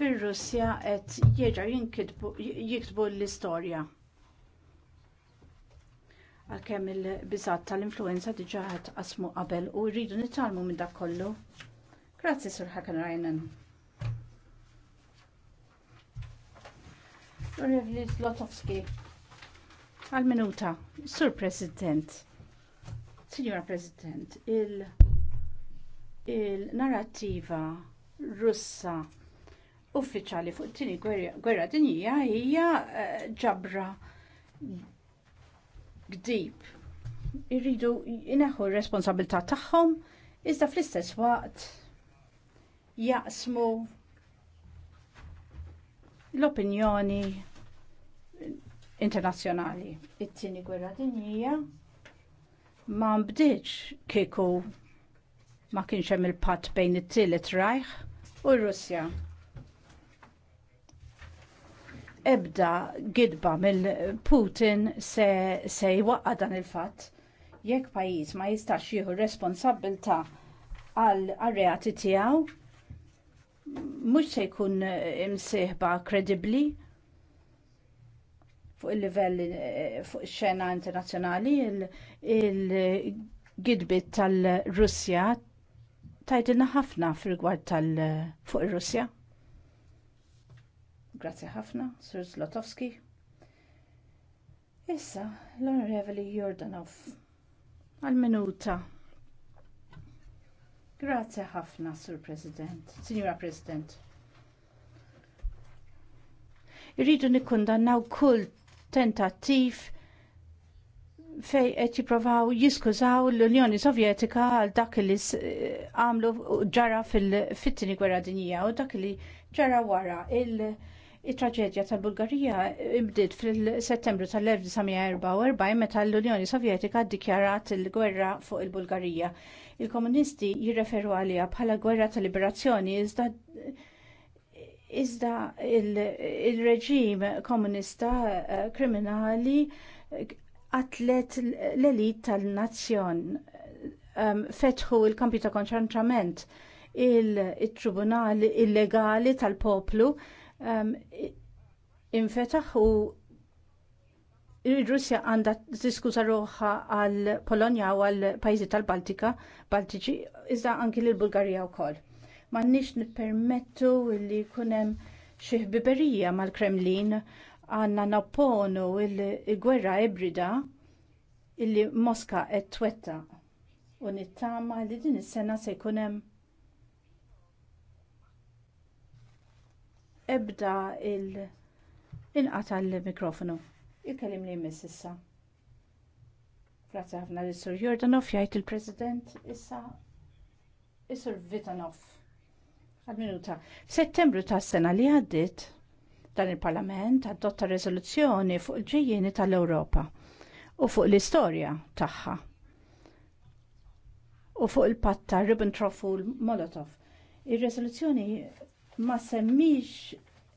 fir-Russja qed jerġa' jiktbu l-istorja. Għalkemm il-biżat tal-influenza diġà qed qabel u rridu nitalmu minn dak kollu. Grazzi Sur Hakan Rajnen. Revli Għal-minuta, Sur President. Signora President, il-narrativa il russa uffiċjali fuq it-tieni gwerra dinjija hija eh, ġabra gdib. Irridu jneħħu r-responsabilità tagħhom iżda fl-istess waqt jaqsmu l-opinjoni internazzjonali. It-tieni gwerra dinjija ma mbdiċ kieku ma kienx hemm il-patt bejn it-tielet rajħ u r-Russja ebda gidba mill-Putin se, se jwaqqa dan il-fatt. Jekk pajjiż ma jistax jieħu responsabilta għal reati tiegħu, mhux se jkun imsieħba kredibbli fuq il-livell eh, fuq ix-xena internazzjonali il-gidbit tal-Russja tajdilna ħafna fil-gwad tal fuq ir-Russja. Grazzi ħafna, Sir Zlotowski. Issa, l-Onorevoli Jordanov, għal-minuta. Grazie ħafna, Sur President, Signora President. Irridu nikkundannaw kull tentattiv fej qed jippruvaw jiskużaw l-Unjoni Sovjetika għal dak li għamlu ġara fil-fittini gwerra dinjija u dak li ġara wara il- it-traġedja tal-Bulgarija imbdiet fil-Settembru tal-1944 meta l-Unjoni Sovjetika ddikjarat il-gwerra fuq il-Bulgarija. Il-komunisti jirreferu għaliha bħala gwerra tal-liberazzjoni iżda iżda il-reġim komunista eh, kriminali għatlet l-elit tal-nazzjon eh, fetħu l kampi ta' konċentrament il-tribunali illegali tal-poplu um, infetaħ u Russja għandha diskusa roħa għal Polonja u għal pajjiżi tal-Baltika, Baltiċi, iżda anki lill bulgarija wkoll. M'għandniex nippermettu li jkun hemm xi ħbiberija mal-Kremlin għandna napponu il-gwerra ibrida illi Moska qed twetta u nittama li din is-sena se jkun hemm ebda il- inqata l-mikrofonu. Il-kelim li jmiss issa. Grazie ħafna l-Sur Jordanov, jgħid il-President issa is-Sur Vitanov. Għadminuta. Settembru ta' sena li għaddit dan il-Parlament adotta rezoluzzjoni fuq il-ġejjeni tal-Ewropa u fuq l-istorja tagħha u fuq il-patta Ribbentrop u l-Molotov. Ir-rezoluzzjoni ma semmix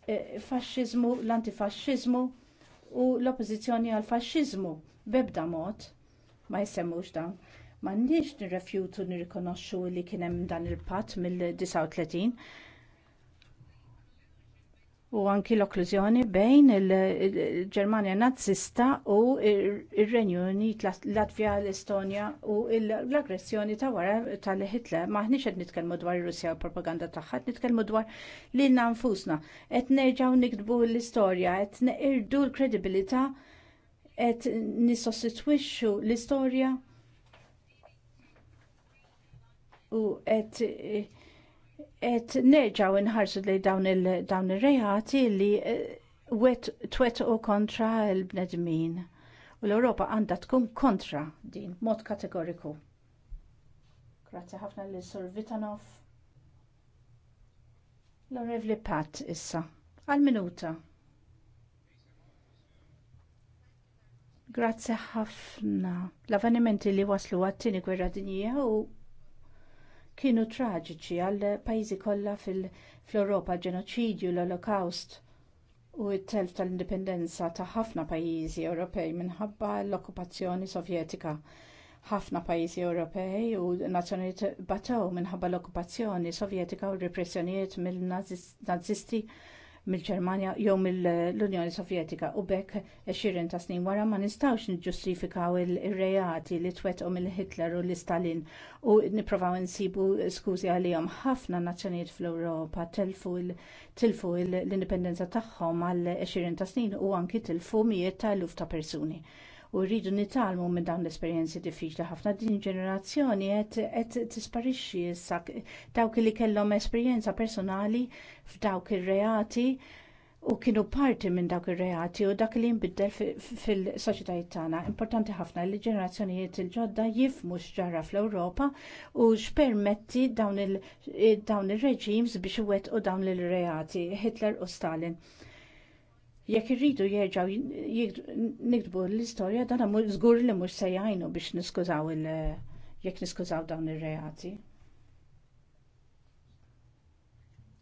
eh, fasċizmu l antifasċizmu u l-oppożizzjoni għal fasċizmu b'ebda mod ma jsemmux dan. M'għandniex nirrefjutu nirrikonoxxu li kien hemm dan il-patt mill-39 u anki l-okklużjoni bejn il-Ġermanja nazzista u r renju Unit, Latvja, l-Estonja u l-aggressjoni ta' wara tal-Hitler. Maħniex qed nitkellmu dwar ir-Russja u propaganda tagħha, qed nitkellmu dwar lilna nfusna. Qed nerġgħu nikdbu l-istorja, qed neqirdu l-kredibilità, qed nissostitwixxu l-istorja u qed et nerġaw inħarsu li dawn il-rejati il li eh, wet twet u kontra l-bnedmin. U l-Europa għandha tkun kontra din, mod kategoriku. Grazie ħafna li Sur Vitanov. L-Onorevli Pat issa, għal-minuta. Grazie ħafna. L-avvenimenti li waslu għattini gwerra dinjija u kienu traġiċi għal pajjiżi kollha fl-Ewropa ġenoċidju l-Olokaust u t-telf tal-indipendenza ta' ħafna pajjiżi Ewropej minħabba l-okkupazzjoni Sovjetika. Ħafna pajjiżi Ewropej u nazzjonijiet batew minħabba l-okkupazzjoni Sovjetika u r repressjonijiet mill-Nazisti mill-Ġermanja jew mill-Unjoni Sovjetika u bekk xirin ta' snin wara ma nistgħux niġġustifikaw ir-reati li twettqu mill-Hitler u l-Stalin u nipprovaw insibu skużi għalihom ħafna nazzjonijiet fl-Ewropa tilfu l-indipendenza tagħhom għal xirin ta' snin u anki tilfu mijiet ta' luf ta' persuni u rridu nitalmu minn dawn l-esperjenzi diffiċli ħafna din ġenerazzjoni qed tisparixxi issa dawk li kellhom esperjenza personali f'dawk ir-reati u kienu parti minn dawk ir-reati u dak li jinbidel fil-soċjetajiet tagħna. Importanti ħafna li ġenerazzjonijiet il-ġodda jifmu x'ġara fl-Ewropa u x'permetti dawn ir-reġims biex iwettqu dawn il-reati Hitler u Stalin. Jekk irridu jerġgħu nikdbu l-istorja dan żgur li mhux se jgħinu biex niskużaw il- jekk niskużaw dawn ir-reati.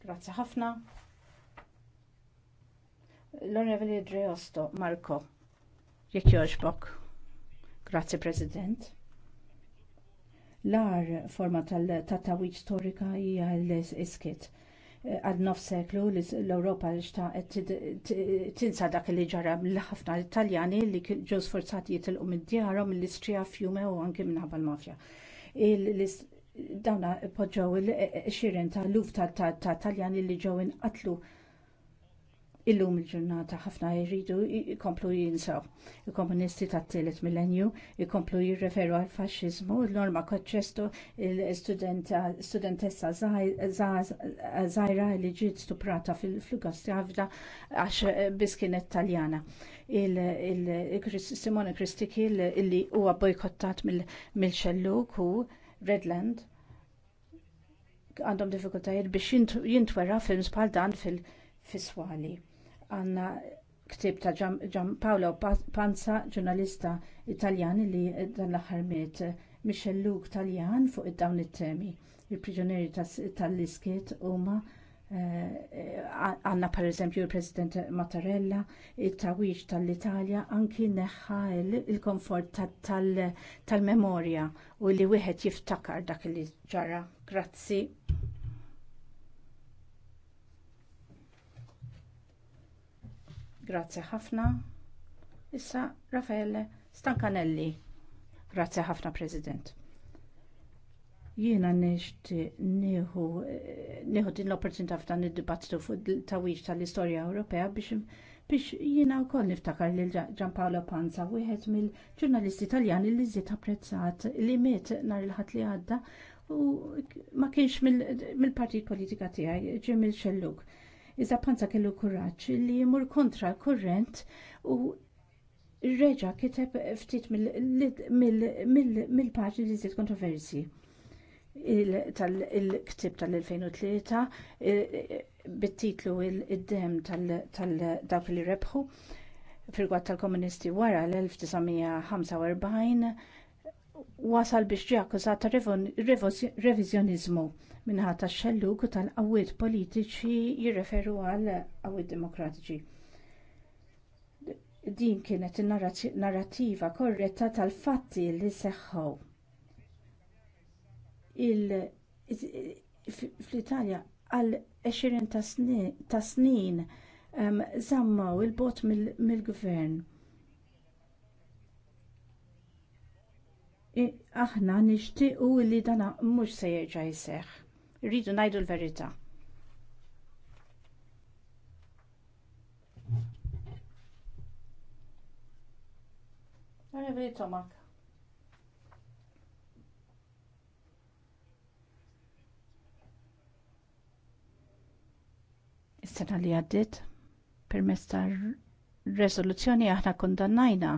Grazzi ħafna. L-Onorevoli Dreosto, Marco, jekk jogħġbok. Grazzi President l-ar forma tal-tawiċ storika hija l-iskit għad nof seklu l-Europa xta' tinsa dak li ġara mill ħafna Italjani li ġew sforzati jitilqu mid djarhom l-istrija fjume u anke minħabba l-mafja. Dawna il e- e- e- xiren ta' luf ta' Taljani li ġew inqatlu illum il-ġurnata ħafna jridu jkomplu jinsaw. Il-komunisti tat tielet millenju jkomplu jirreferu għal faxxiżmu l-norma l studentessa zaħira li ġiet stuprata fil-Flugostjavda għax eh, biss italjana. taljana. Il-Simone Kristiki li huwa bojkottat mill-xelluk u Redland għandhom diffikultajiet biex jintwera films bħal dan fil-fiswali għanna ktib ta' Gian Paolo Panza, ġurnalista Italjan li dan l-aħħar miet Michel Luke Taljan fuq id-dawn it-temi. Il-priġunieri tal-isket huma eh, għanna per eżempju il-President Mattarella, il-tawiċ tal-Italja, anki neħħa il-komfort tal-memoria u li wieħed jiftakar dak li ġara. Grazzi. Grazzi ħafna. Issa Raffaele Stankanelli. Grazzi ħafna President. Jiena nixti nieħu din l-opportunità f'dan id-dibattitu fuq il-tawiċ tal-istorja Ewropea biex biex jiena wkoll niftakar lil Gian Paolo Panza, wieħed mill-ġurnalisti Taljani li żiet apprezzat li miet nhar il-ħadd li għadda u ma kienx mill-partit politika tiegħi ġie mill-xelluk Iżda Panza kellu kuraġġ li jmur kontra l-kurrent u reġa kiteb ftit mill-paġni li zid kontroversi il-ktib tal-2003 eh, eh, bit-titlu id-dem tal-dawk li rebħu fil-gwad tal-komunisti wara l-1945 wasal biex ġie akkużat ta' reviżjoniżmu minħa ta' xellug u tal-qawwiet politiċi jirreferu għal qawwiet demokratiċi. Din kienet in-narrattiva korretta tal-fatti li seħħu fl-Italja għal 20 ta' snin ehm, zammaw il-bot mill-gvern. aħna nixtiequ li dan mhux se jerġa' jseħħ. Rridu ngħidu l-verità. Għana Is-sena li għaddit permezz tar-resoluzzjoni aħna kondannajna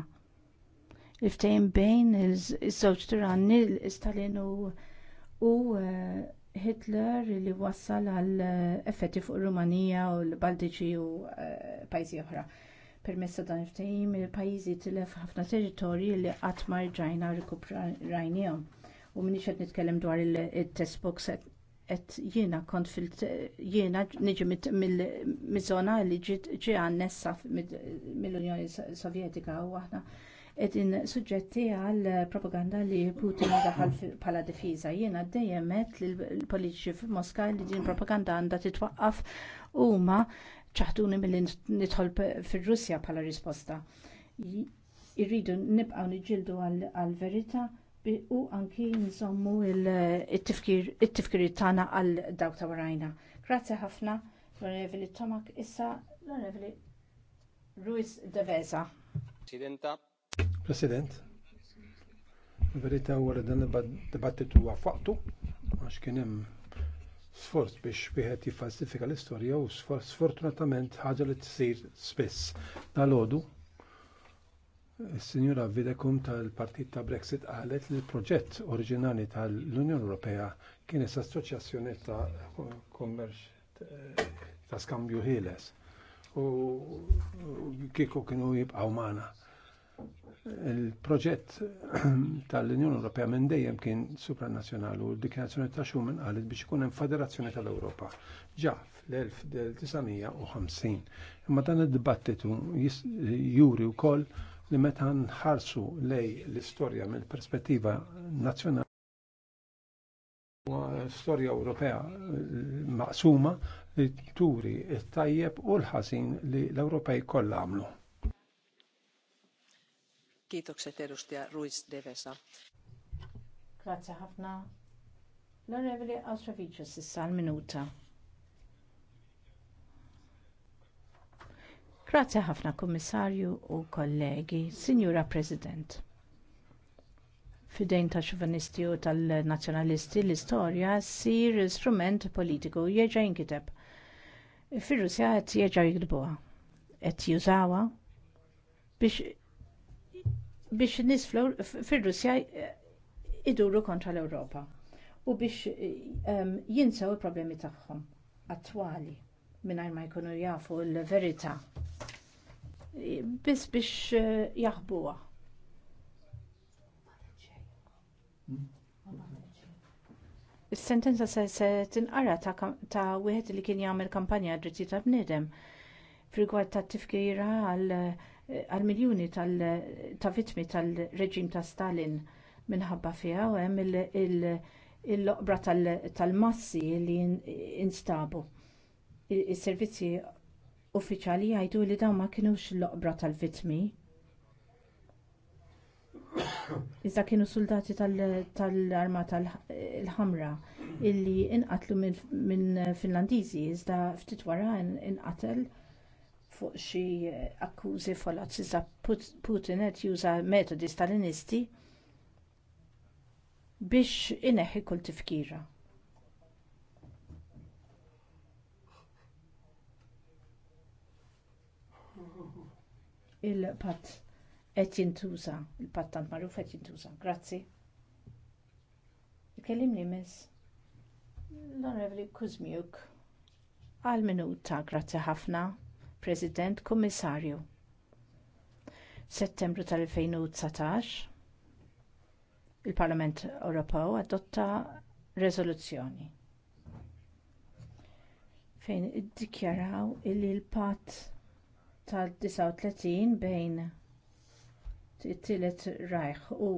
il bejn iż-żewġ tiranni Stalin u eh, Hitler li wassal għal eh, effetti fuq Rumanija u l-Baltiċi u eh, pajjiżi oħra. Permessa dan il-ftehim il-pajjiżi tilef ħafna territorji li qatt ma rġajna rikuprajnihom. U minix qed nitkellem dwar il-textbooks qed jiena kont fil jiena niġi mill li ġi għannessa mill-Unjoni Sovjetika u aħna edin suġġetti għal propaganda li Putin daħal bħala difiża. Jiena dejjem li l-politiċi f'Moska li din propaganda għandha titwaqqaf huma ċaħduni milli nidħol fir-Russja bħala risposta. Irridu nibqgħu niġġieldu għall verità u anki nżommu it tifkiri tagħna għal dawk ta' warajna. Grazzi ħafna, l-Onorevoli Tomak, issa l-Onorevoli Ruiz Deveza. Presidenta, President, verita u dan dibattitu huwa għax kien hemm sforz biex wieħed jiffalsifika l istoria u sfortunatament ħagġa li spess. spiss. ħodu is-Sinjura Videkum tal-Partit ta' Brexit qalet li l-proġett oriġinali tal-Unjoni Ewropea kien s assoċjazzjoni ta' Kommerċ eh, ta' skambju Hiles u kiko kienu jibqaw magħna Il-proġett tal-Unjoni Ewropea minn dejjem kien supranazzjonali u l dikjarazzjoni ta' Schumann qalet biex ikun hemm Federazzjoni tal-Ewropa ġa fl-1950. Imma dan id-dibattitu juri wkoll li meta nħarsu lej l-istorja mill-perspettiva nazzjonali storja Ewropea eh, maqsuma li turi t tajjeb u l-ħasin li l-Ewropej kollha għamlu. Kiitokset edustaja Ruiz Devesa. Grazie ħafna. L-Onorevoli Altravicio minuta Grazie ħafna kommissarju u kollegi, Signora President. Fidejn ta' xuvanisti u tal-nazjonalisti l-istorja ssir strument politiku jieġa jinkiteb. Fir-Rusja qed jieġa jikdbuha, qed jużawha biex biex nis fil-Russja eh, iduru kontra l-Europa u biex eh, jinsaw il-problemi tagħhom attwali mingħajr ma jkunu jafu l-verità biss biex eh, jaħbuha. Is-sentenza se, se tinqara ta', wieħed li kien jagħmel kampanja dritti ta' bniedem fil-gwad ta' tifkira għal uh, għal miljuni ta' vittmi tal-reġim ta' Stalin minħabba fiha u hemm il-loqbra tal-massi li instabu. Is-servizzi uffiċjali jgħidu li dawn ma kinux l-oqbra tal-vittmi. Iżda kienu soldati tal-armata l-ħamra illi inqatlu minn Finlandiżi iżda ftit wara inqatel fuq xi akkużi folazzi za Putin qed juża metodi stalinisti biex ineħħi kull tifkira. il pat qed jintuża, il pat tant magħruf qed jintuża. Grazzi. Ikellimni miss l-Onorevoli Kuzmiuk għal minuta, grazzi ħafna, President Kummissarju. Settembru tal-2019 il-Parlament Ewropew adotta rezoluzzjoni fejn iddikjaraw li l-patt tal-39 bejn it-tielet Rajh u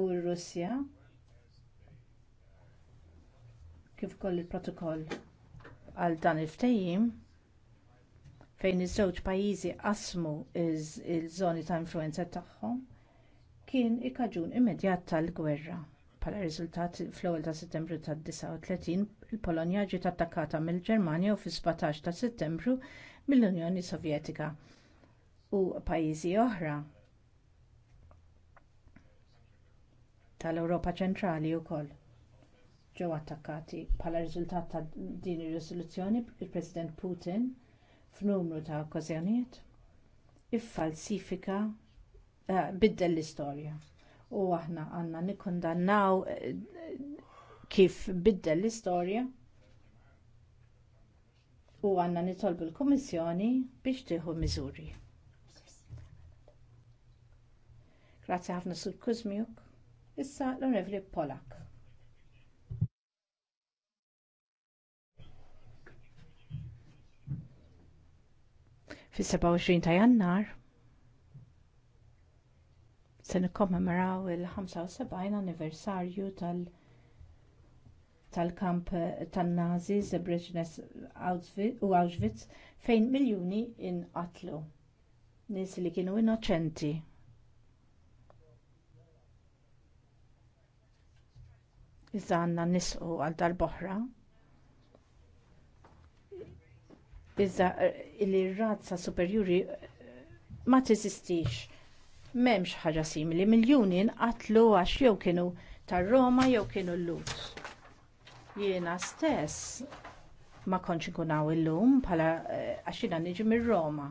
u r-Russja kif ukoll il-protokoll għal dan il-ftehim fejn iż-żewġ pajjiżi qasmu il-żoni ta' influwenza tagħhom kien il-kaġun immedjat tal-gwerra. Bħala riżultat fl-ewwel ta' Settembru ta' 39 il-Polonja ġiet attakkata mill-Ġermanja u fis-17 ta' Settembru mill-Unjoni Sovjetika u pajjiżi oħra tal-Ewropa ċentrali wkoll ġew attakkati. Bħala riżultat ta' din ir-riżoluzzjoni, il-President Putin f'numru ta' okkażjonijiet iffalsifika eh, biddel l-istorja. U aħna għandna nikkondannaw eh, kif biddel l-istorja u għandna nitolbu l kummissjoni biex tieħu miżuri. Grazzi ħafna sur Kuzmiuk. Issa l-Onorevoli Polak. fis-27 ta' jannar se nikkommemoraw il-75 anniversarju tal- tal-kamp eh, tan-Nazi Zebreġnes u Auschwitz fejn miljuni inqatlu. Nies li kienu innoċenti. Iżda għandna nisqu għal dal-boħra iżda eh, li razza superjuri eh, ma teżistix. M'hemmx ħaġa simili, miljuni nqatlu għax jew kienu tar-Roma jew kienu l-Lut. Jiena stess ma kontx nkun hawn illum bħala eh, għax jiena niġi mir-Roma.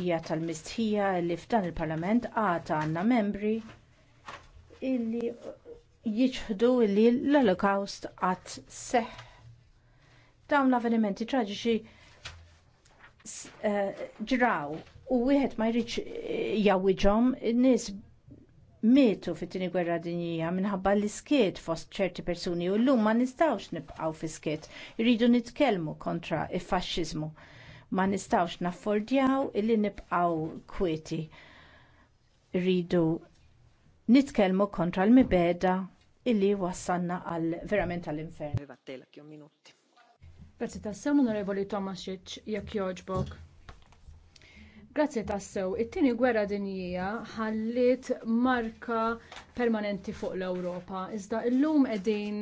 Hija tal-mistħija li f'dan il-Parlament għata għandna membri illi jiġħdu li l-Holocaust qatt seħħ Dawn l-avvenimenti traġiċi eh, ġraw u wieħed ma jridx eh, jawiġhom in-nies mietu fit-tieni gwerra dinjija minħabba l-iskiet fost ċerti persuni u llum ma nistgħux nibqgħu fi skiet. iridu nitkellmu kontra il-faxxiżmu. Ma nistgħux naffordjaw illi nibqgħu kwieti. Iridu nitkellmu kontra l-mibeda illi wassanna għal verament għall-infern. Grazzi tassew, onorevoli Tomasic, jekk joġbok. Grazzi tassew, it-tieni gwerra dinjija ħallit marka permanenti fuq l-Ewropa. Iżda illum qegħdin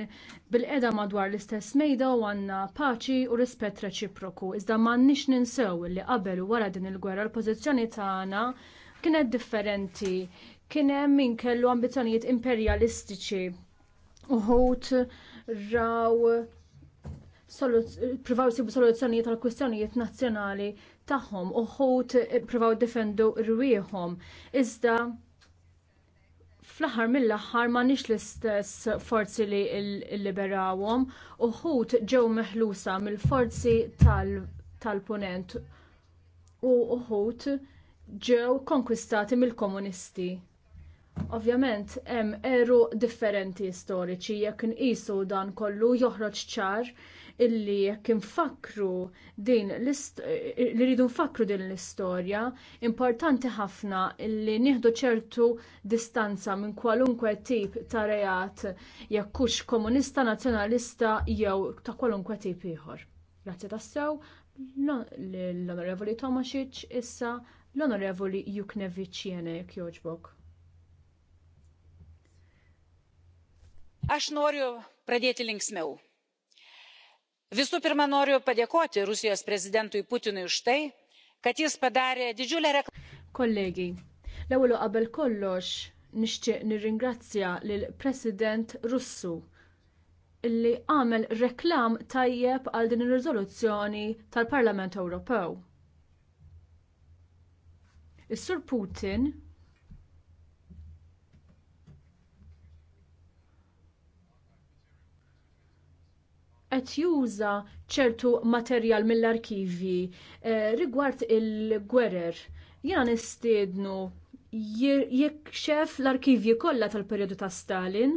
bil-qeda madwar l-istess mejda u għandna paċi u rispett reċiproku. Iżda m'għandniex ninsew li qabel u wara din il-gwerra l-pożizzjoni tagħna kienet differenti. Kien hemm min kellu ambizzjonijiet imperjalistiċi uħut raw provaw sibu soluzzjonijiet tal kwistjonijiet nazzjonali tagħhom u ħut provaw defendu rwieħhom. Iżda fl-aħħar mill-aħħar nix l-istess forzi li l-liberawom u ħut ġew meħlusa mill-forzi tal-punent u ħut ġew konkwistati mill-komunisti. Ovvjament, hemm eru differenti storiċi jekk nqisu dan kollu joħroġ ċar illi jekk infakru din li rridu nfakru din l-istorja, importanti ħafna illi nieħdu ċertu distanza minn kwalunkwe tip ta' reat jekk hux komunista, nazzjonalista jew ta' kwalunkwe tip ieħor. Grazzi tassew l-Onorevoli Tomasic issa l-Onorevoli Juknevic jene jekk jogħġbok. Għax norju predieti l-ingsmew visų pirma noriu padėkoti rusijos prezidentui putinui už tai kad jis padarė didžiulę reklamą Kollegi, l-ewwel qabel kollox nixtieq nirringrazzja lil President Russu illi għamel reklam tajjeb għal din ir-riżoluzzjoni tal-Parlament Ewropew. Is-Sur Putin qed juża ċertu materjal mill-arkivi eh, rigward il-gwerer. Jiena nistiednu jikxef l-arkivji kollha tal-perjodu ta' Stalin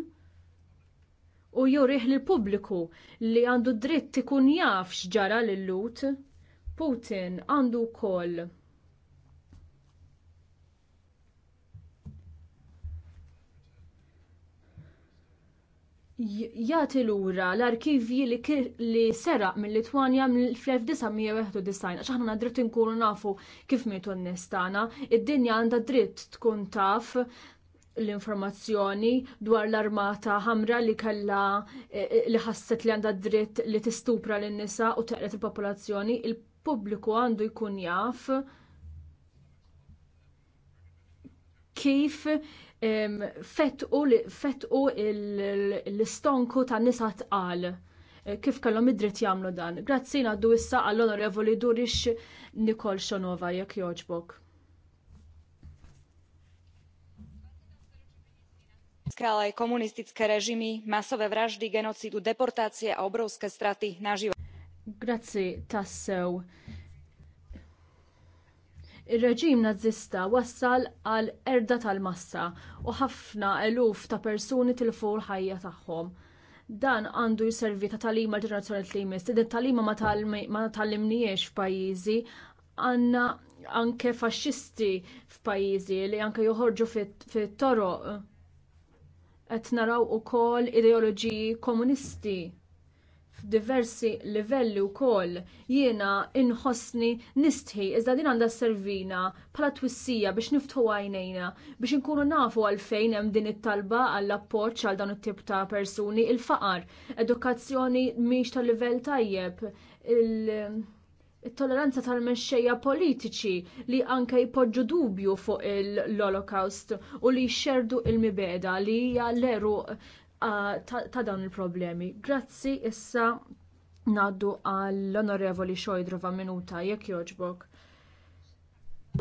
u jurih lil pubbliku li għandu dritt ikun jaf x'ġara lil lut Putin għandu wkoll jagħti lura l-arkivji li, li seraq mill-Litwanja mill 1991 għax aħna dritt inkunu nafu kif mietu n-nies tagħna, id-dinja għandha dritt tkun taf l-informazzjoni dwar l-armata ħamra li kellha eh, li ħasset li għandha dritt li tistupra lin nisa u teqret il-popolazzjoni, il-pubbliku għandu jkun jaf kif fetqu l-istonku ta' nisa tqal e, kif kellhom id-dritt jagħmlu dan. Grazzi ngħaddu issa għall-Onorevoli Duris Nikol Xonova jekk joġbok. ale i komunistické režimy, masové vraždy, genocidu, deportácie a obrovské straty na život. Grazie, tassew Ir-reġim nazzista wassal għal erda tal-massa u ħafna eluf ta' persuni tilfu l-ħajja tagħhom. Dan għandu jservi ta' talima l-ġenerazzjoni tlimis, din talima ma tallimniex f'pajjiżi għanna anke faxxisti f'pajjiżi li anke joħorġu fit-toroq qed naraw ukoll ideoloġiji komunisti f'diversi livelli wkoll jiena inħossni nistħi iżda din għandha servina bħala twissija biex niftħu għajnejna biex inkunu nafu għalfejn hemm din it-talba għall appoġġ għal dawn it-tip ta' persuni il-faqar, edukazzjoni mhix tal livell tajjeb, it-toleranza tal-mexxejja politiċi li anke jpoġġu dubju fuq l-Holocaust u li xerdu il-mibeda li hija l-eruq ta' dawn il-problemi. Grazzi issa naddu għall-onorevoli xojdrova minuta jekk joġbok.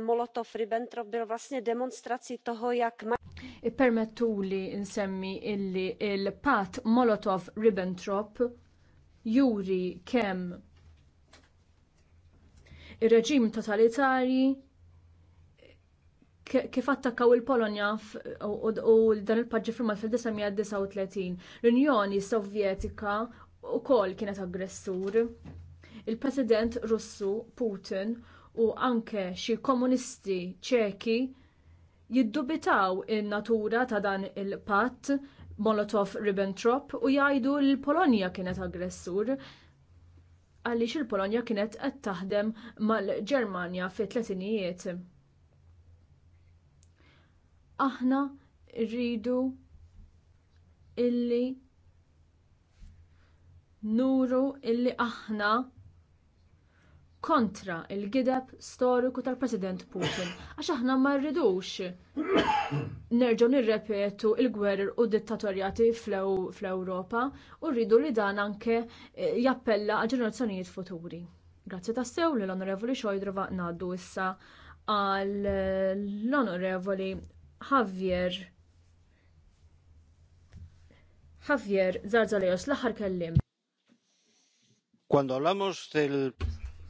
Molotov ribentrop bir demonstrazzi toho jak ma Permettu li nsemmi illi il-pat Molotov Ribbentrop juri kemm ir-reġim totalitarji kif attakkaw il-Polonja u dan il-paġġi firmat fil-1939. L-Unjoni Sovjetika u kol kienet aggressur. Il-President Russu Putin u anke xi komunisti ċeki jiddubitaw in-natura ta' dan il-patt Molotov-Ribbentrop u jgħidu l-Polonja kienet aggressur għaliex il-Polonja kienet qed taħdem mal-Ġermanja fit-tletinijiet aħna rridu illi nuru illi aħna kontra il-gideb storiku tal-President Putin. Għax aħna ma rridux nerġgħu nirrepetu l gwerer u dittatorjati fl-Ewropa u rridu li dan anke eh, jappella għal ġenerazzjonijiet futuri. Grazzi tassew sew l-Onorevoli Xojdrova ngħaddu issa għall onorevoli Javier Javier Zarzaleos, l ħar kellim. Kwando hablamos del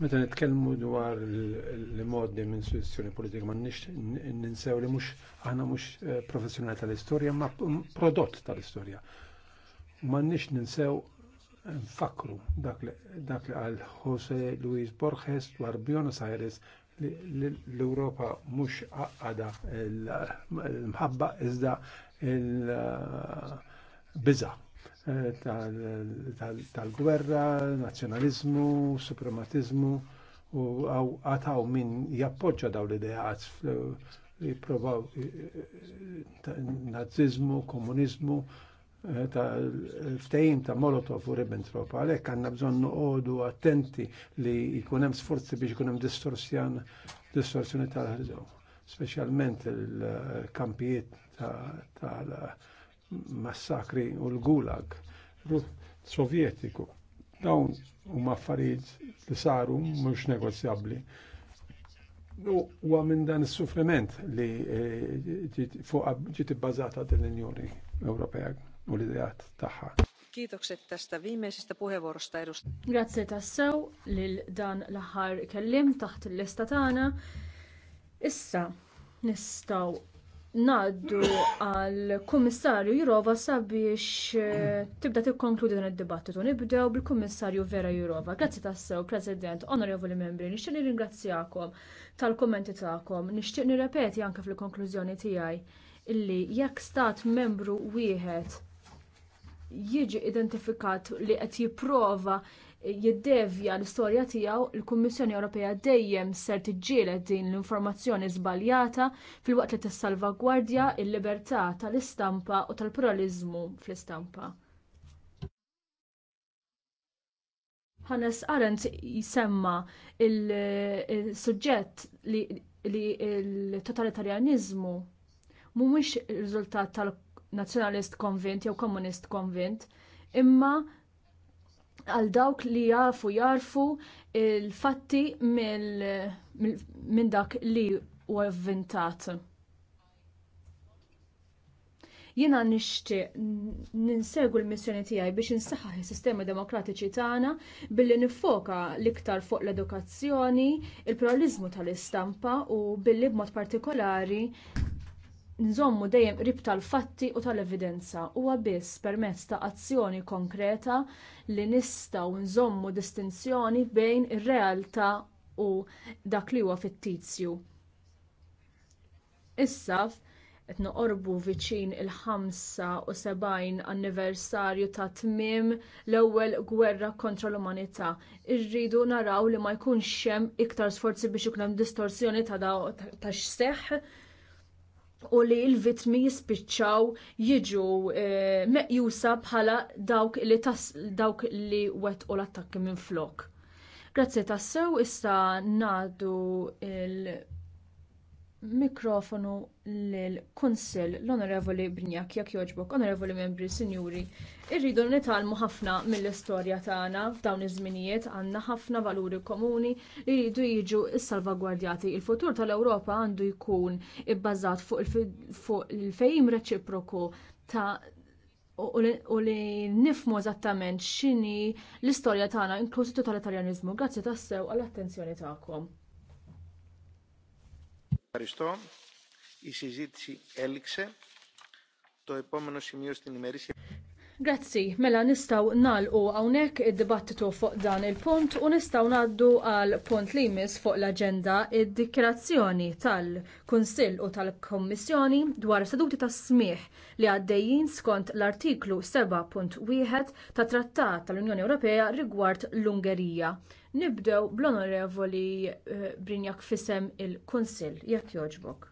Meta nitkellmu dwar l-modi minn istituzzjoni politika ma nix ninsew li mux, aħna mux eh, professjonali tal istoria ma prodott tal-istorja. istoria M'għandniex ninsew nfakru dak li għal Jose Luis Borges dwar Buenos Aires l-Europa mux għada l-mħabba izda l-biza eh, tal-gwerra, nazjonalizmu, suprematizmu u għataw min jappoġġa daw l-ideat eh, jiprobaw eh, nazizmu, komunizmu, Eh, ta' ftejim ta' Molotov u Ribbentrop. Għalhekk għandna bżonn noqogħdu attenti li jkun hemm sforzi biex jkunem hemm distorsjon distorsjoni tal-ħarġew, speċjalment il-kampijiet ta' massakri u l-gulag sovjetiku. Dawn huma affarijiet li saru mhux negozjabbli. U minn dan is-suffriment li eh, ġiet ibbażata din l-Unjoni Ewropea u l-idejat tagħha. Kiitokset tästä viimeisestä puheenvuorosta edustaja. Grazie tassew lil dan l-aħħar kellim taħt il-lista tagħna. Issa nistgħu naddu għal kummissarju Jurova sabiex eh, tibda tikkonkludi dan id-dibattitu. Nibdew bil-kummissarju Vera Jurova. Grazzi tassew, President, onorevoli membri, nixtieq nirringrazzjakom tal-kommenti tagħkom. Nixtieq nirrepeti anke fil-konklużjoni tiegħi illi jekk stat membru wieħed jiġi identifikat li qed jipprova jiddevja l-istorja tiegħu, il-Kummissjoni Ewropea dejjem ser tiġġieled din l-informazzjoni żbaljata filwaqt li tissalvagwardja l libertà tal-istampa u tal-pluralizmu fl-istampa. Hannes Arendt jisemma il-suġġett li l-totalitarjanizmu mhumiex riżultat tal- nazzjonalist konvint jew komunist konvint, imma għal dawk li jafu jarfu il-fatti minn dak li u avventat. Jiena nixtieq ninsegu l-missjoni tiegħi biex insaħħaħ is-sistema demokratiċi tagħna billi niffoka l-iktar fuq l-edukazzjoni, il-pluralizmu tal-istampa u billi b'mod partikolari nżommu dejjem qrib tal-fatti u tal-evidenza huwa biss permezz ta' azzjoni konkreta li nistgħu nżommu distinzjoni bejn ir-realtà u dak li huwa fittizju. Issa qed noqorbu viċin il-75 anniversarju ta' tmiem l-ewwel gwerra kontra l-umanità. Irridu naraw li ma jkunx hemm iktar sforzi biex ikun hemm distorsjoni ta' x'seħħ u li l-vitmi jispiċċaw jiġu eh, meqjusa bħala dawk li tas dawk li wet u l-attakki minn flok. Grazzi tassew issa nadu il- mikrofonu lil kunsill l-Onorevoli Brignac jak jogħġbok, Onorevoli Membri, Sinjuri, irridu nitalmu ħafna mill-istorja tagħna f'dawn iż-żminijiet għandna ħafna valuri komuni li jridu jiġu s-salvagwardjati. Il-futur tal-Ewropa għandu jkun ibbażat fuq il fehim reċiproku ta' u li nifmu eżattament x'inhi l-istorja tagħna inklużi totalitarjaniżmu. Grazzi tassew għall-attenzjoni tagħkom. Ευχαριστώ. Η συζήτηση έληξε. Το επόμενο σημείο στην ημερήσια... Grazzi, mela nistgħu nagħlqu hawnhekk id-dibattitu fuq dan il-punt u nistgħu ngħaddu għal punt li jmiss fuq l-aġenda id-dikjerazzjoni tal-Kunsill u tal-Kommissjoni dwar seduti ta' smieħ li għaddejjin skont l-artiklu 7.1 ta' Trattat tal-Unjoni Ewropea rigward l-Ungerija. Nibdew bl-Onorevoli eh, Brinjak Fisem il-Kunsill, jekk jogħġbok.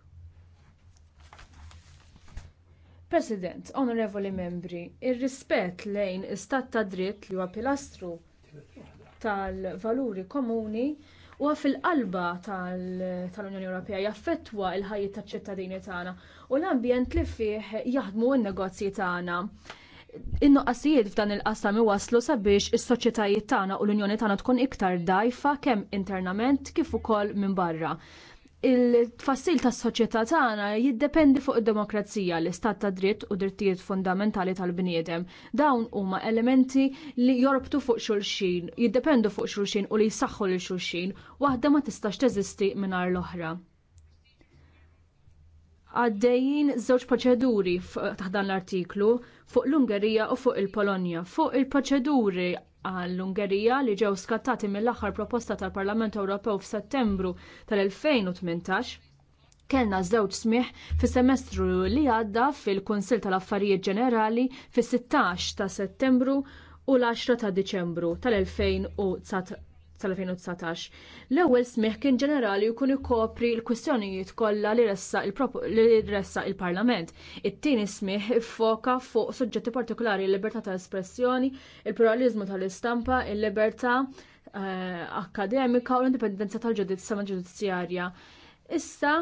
President, onorevoli membri, ir-rispett lejn istat ta' dritt li huwa pilastru tal-valuri komuni huwa fil-qalba tal-Unjoni Ewropea jaffettwa l-ħajja taċ-ċittadini tagħna u l-ambjent li fih jaħdmu n-negozji tagħna. In-noqqasijiet f'dan il-qasam iwaslu sabiex is-soċjetajiet tagħna u l-Unjoni tagħna tkun iktar dajfa kemm internament kif ukoll minn barra il-tfassil tas soċjetà tagħna jiddependi fuq id-demokrazija, l-istat ta' dritt u drittijiet fundamentali tal-bniedem. Dawn huma elementi li jorbtu fuq xulxin, jiddependu fuq xulxin u li jsaħħu lil xulxin, waħda ma tistax teżisti mingħajr l-oħra. Għaddejjin żewġ proċeduri taħt dan l-artiklu fuq l-Ungerija u fuq il-Polonja. Fuq il-proċeduri għall-Ungerija li ġew skattati mill-aħħar proposta tal-Parlament Ewropew f'Settembru tal-2018 kellna żewġ smih fis-semestru li għadda fil-Kunsill tal-Affarijiet Ġenerali fis-16 ta' Settembru u l-10 ta' Diċembru tal-2019 tal-2019. L-ewwel smih kien ġenerali jkun ikopri l-kwistjonijiet kollha li ressa il-Parlament. It-tieni smih iffoka fuq suġġetti partikolari l-libertà tal-espressjoni, il-pluralizmu tal-istampa, il-libertà eh, akademika u l-indipendenza tal-ġudizzja ġudizzjarja. Issa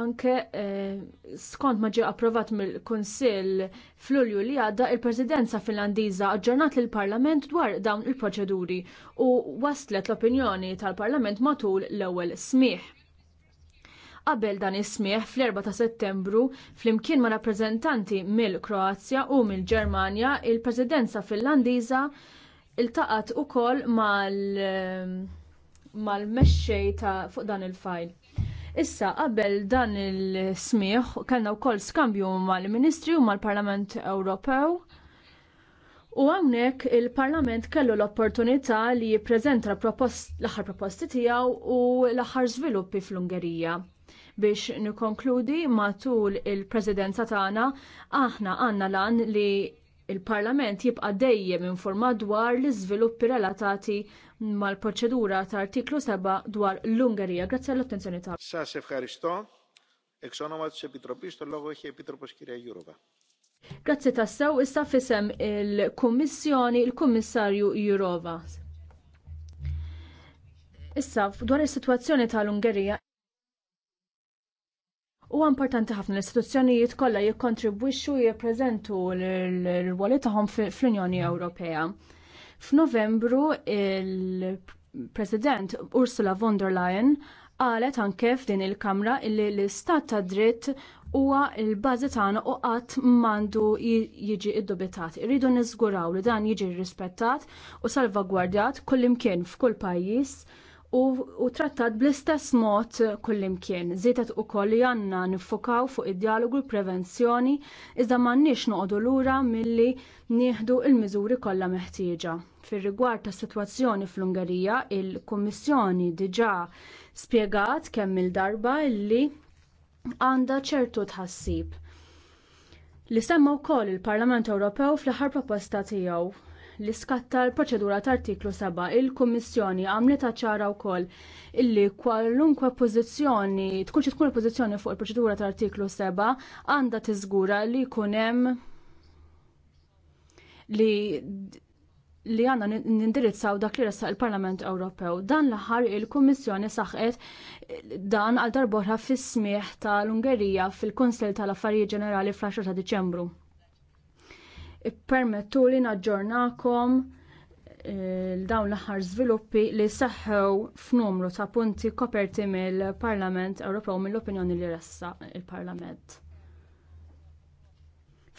anke eh, skont ma ġie approvat mill-Kunsill fl-Ulju li għadda il-Presidenza Finlandiża aġġornat lill parlament dwar dawn il-proċeduri u waslet l-opinjoni tal-Parlament matul l-ewwel smigħ. Qabel dan is-smieħ fl-4 ta' Settembru, flimkien ma' rappreżentanti mill-Kroazja u mill-Ġermanja, il-Presidenza Finlandiża iltaqat ukoll eh, mal-mexxej ta' fuq dan il-fajl Issa qabel dan il-smieħ kellna wkoll skambju mal-Ministri u mal-Parlament Ewropew U għamnek il-Parlament kellu l-opportunità li jippreżenta l-aħħar proposti tiegħu u l-aħħar żviluppi fl-Ungerija. Biex nikonkludi matul il-Presidenza tagħna aħna għandna lan li il-Parlament jibqa' dejjem informat dwar l-iżviluppi relatati mal-proċedura ta' artiklu 7 dwar l-Ungerija. Grazzi għall-attenzjoni ta' Sas ευχαριστώ. eksonoma t της Επιτροπής, το λόγο Epitropos kirja Επίτροπος Grazie ta' Grazzi tassew, issa fisem il-Kommissjoni, il-Kommissarju Jurova. Issa, dwar is-sitwazzjoni tal-Ungerija, Huwa importanti ħafna l-istituzzjonijiet kollha jikkontribwixxu jippreżentu l-rwoli tagħhom fl-Unjoni Ewropea. F'Novembru il-President Ursula von der Leyen qalet anke f'din il-Kamra li l-istat ta' dritt huwa l-bażi tagħna u qatt m'għandu jiġi iddubitat. Irridu niżguraw li dan jiġi rrispettat u salvagwardjat kullimkien f'kull pajjiż u, u trattat bl-istess mod kullimkien. Zietet u koll li għanna nifokaw fuq id-dialogu l-prevenzjoni, iżda m'għandniex noqogħdu lura milli nieħdu il-miżuri kollha meħtieġa. Fir-rigward ta' sitwazzjoni fl-Ungerija, il-Kummissjoni diġà spjegat kemm il-darba li għandha ċertu tħassib. Li semma wkoll il-Parlament Ewropew fl-aħħar proposta tiegħu li skatta l-proċedura tal-artiklu 7 il-Kummissjoni għamlet ċara wkoll illi kwalunkwe pożizzjoni tkun tkun pozizjoni pożizzjoni fuq il-proċedura tal-artiklu 7 għandha tiżgura li jkun hemm li li għanna nindirizzaw dak li ressa il-Parlament Ewropew. Dan l-ħar il-Kommissjoni saħqet dan għal darbohra fis-smieħ tal-Ungerija fil-Konsel tal-Affarijiet Ġenerali fl-10 ta' Deċembru permettu li naġġornakom eh, dawn l-aħħar żviluppi li saħħew f'numru ta' punti koperti mill-Parlament Ewropew mill-opinjoni li ressa il-Parlament.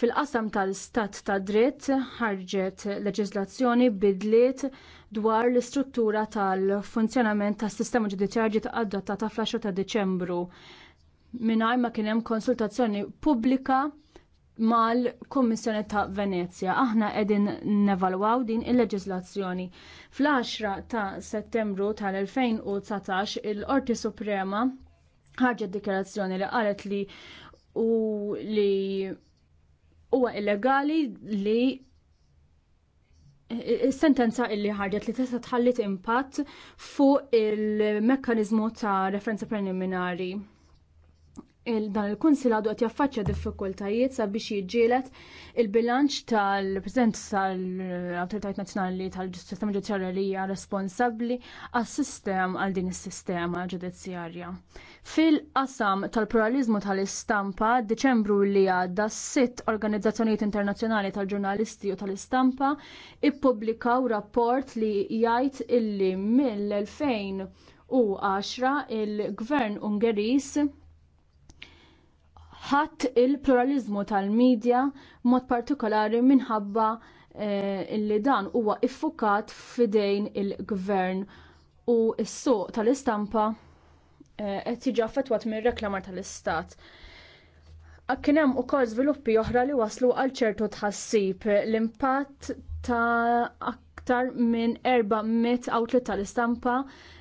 Fil-qasam tal-Stat ta' dritt ħarġet leġiżlazzjoni bidliet dwar l-istruttura tal-funzjonament tas-sistema ġudizzjarji ta' adottata fl-10 ta' Deċembru mingħajr ma kien hemm konsultazzjoni pubblika mal-Kummissjoni ta' Venezia. Aħna qegħdin nevalwaw din il-leġislazzjoni. Fl-10 ta' Settembru tal-2019 il-Qorti Suprema ħarġet dikjarazzjoni li qalet li u li huwa illegali li Is-sentenza illi ħarġet li tista' tħallit impatt fuq il-mekkaniżmu ta' referenza preliminari dan il-Kunsil għadu qed jaffaċċja diffikultajiet sabiex jiġġieled il-bilanċ tal-President tal-Awtoritajiet Nazzjonali tal-Sistema Ġudizzjarja li hija responsabbli għas-sistem għal din is-sistema ġudizzjarja. Fil-qasam tal-pluralizmu tal-istampa, Deċembru li għadda sitt organizzazzjonijiet internazzjonali tal-ġurnalisti u tal-istampa ippubblikaw rapport li jgħid illi mill-2010 il-Gvern Ungeris ħadd il-pluralizmu tal-medja mod partikolari minħabba li eh, illi dan huwa iffukat f'idejn il-gvern u s-suq tal-istampa eh, qed jiġi affettwat mir-reklamar tal-istat. Kien hemm ukoll żviluppi oħra li waslu għal ċertu tħassib l-impatt ta' aktar minn 400 outlet tal-istampa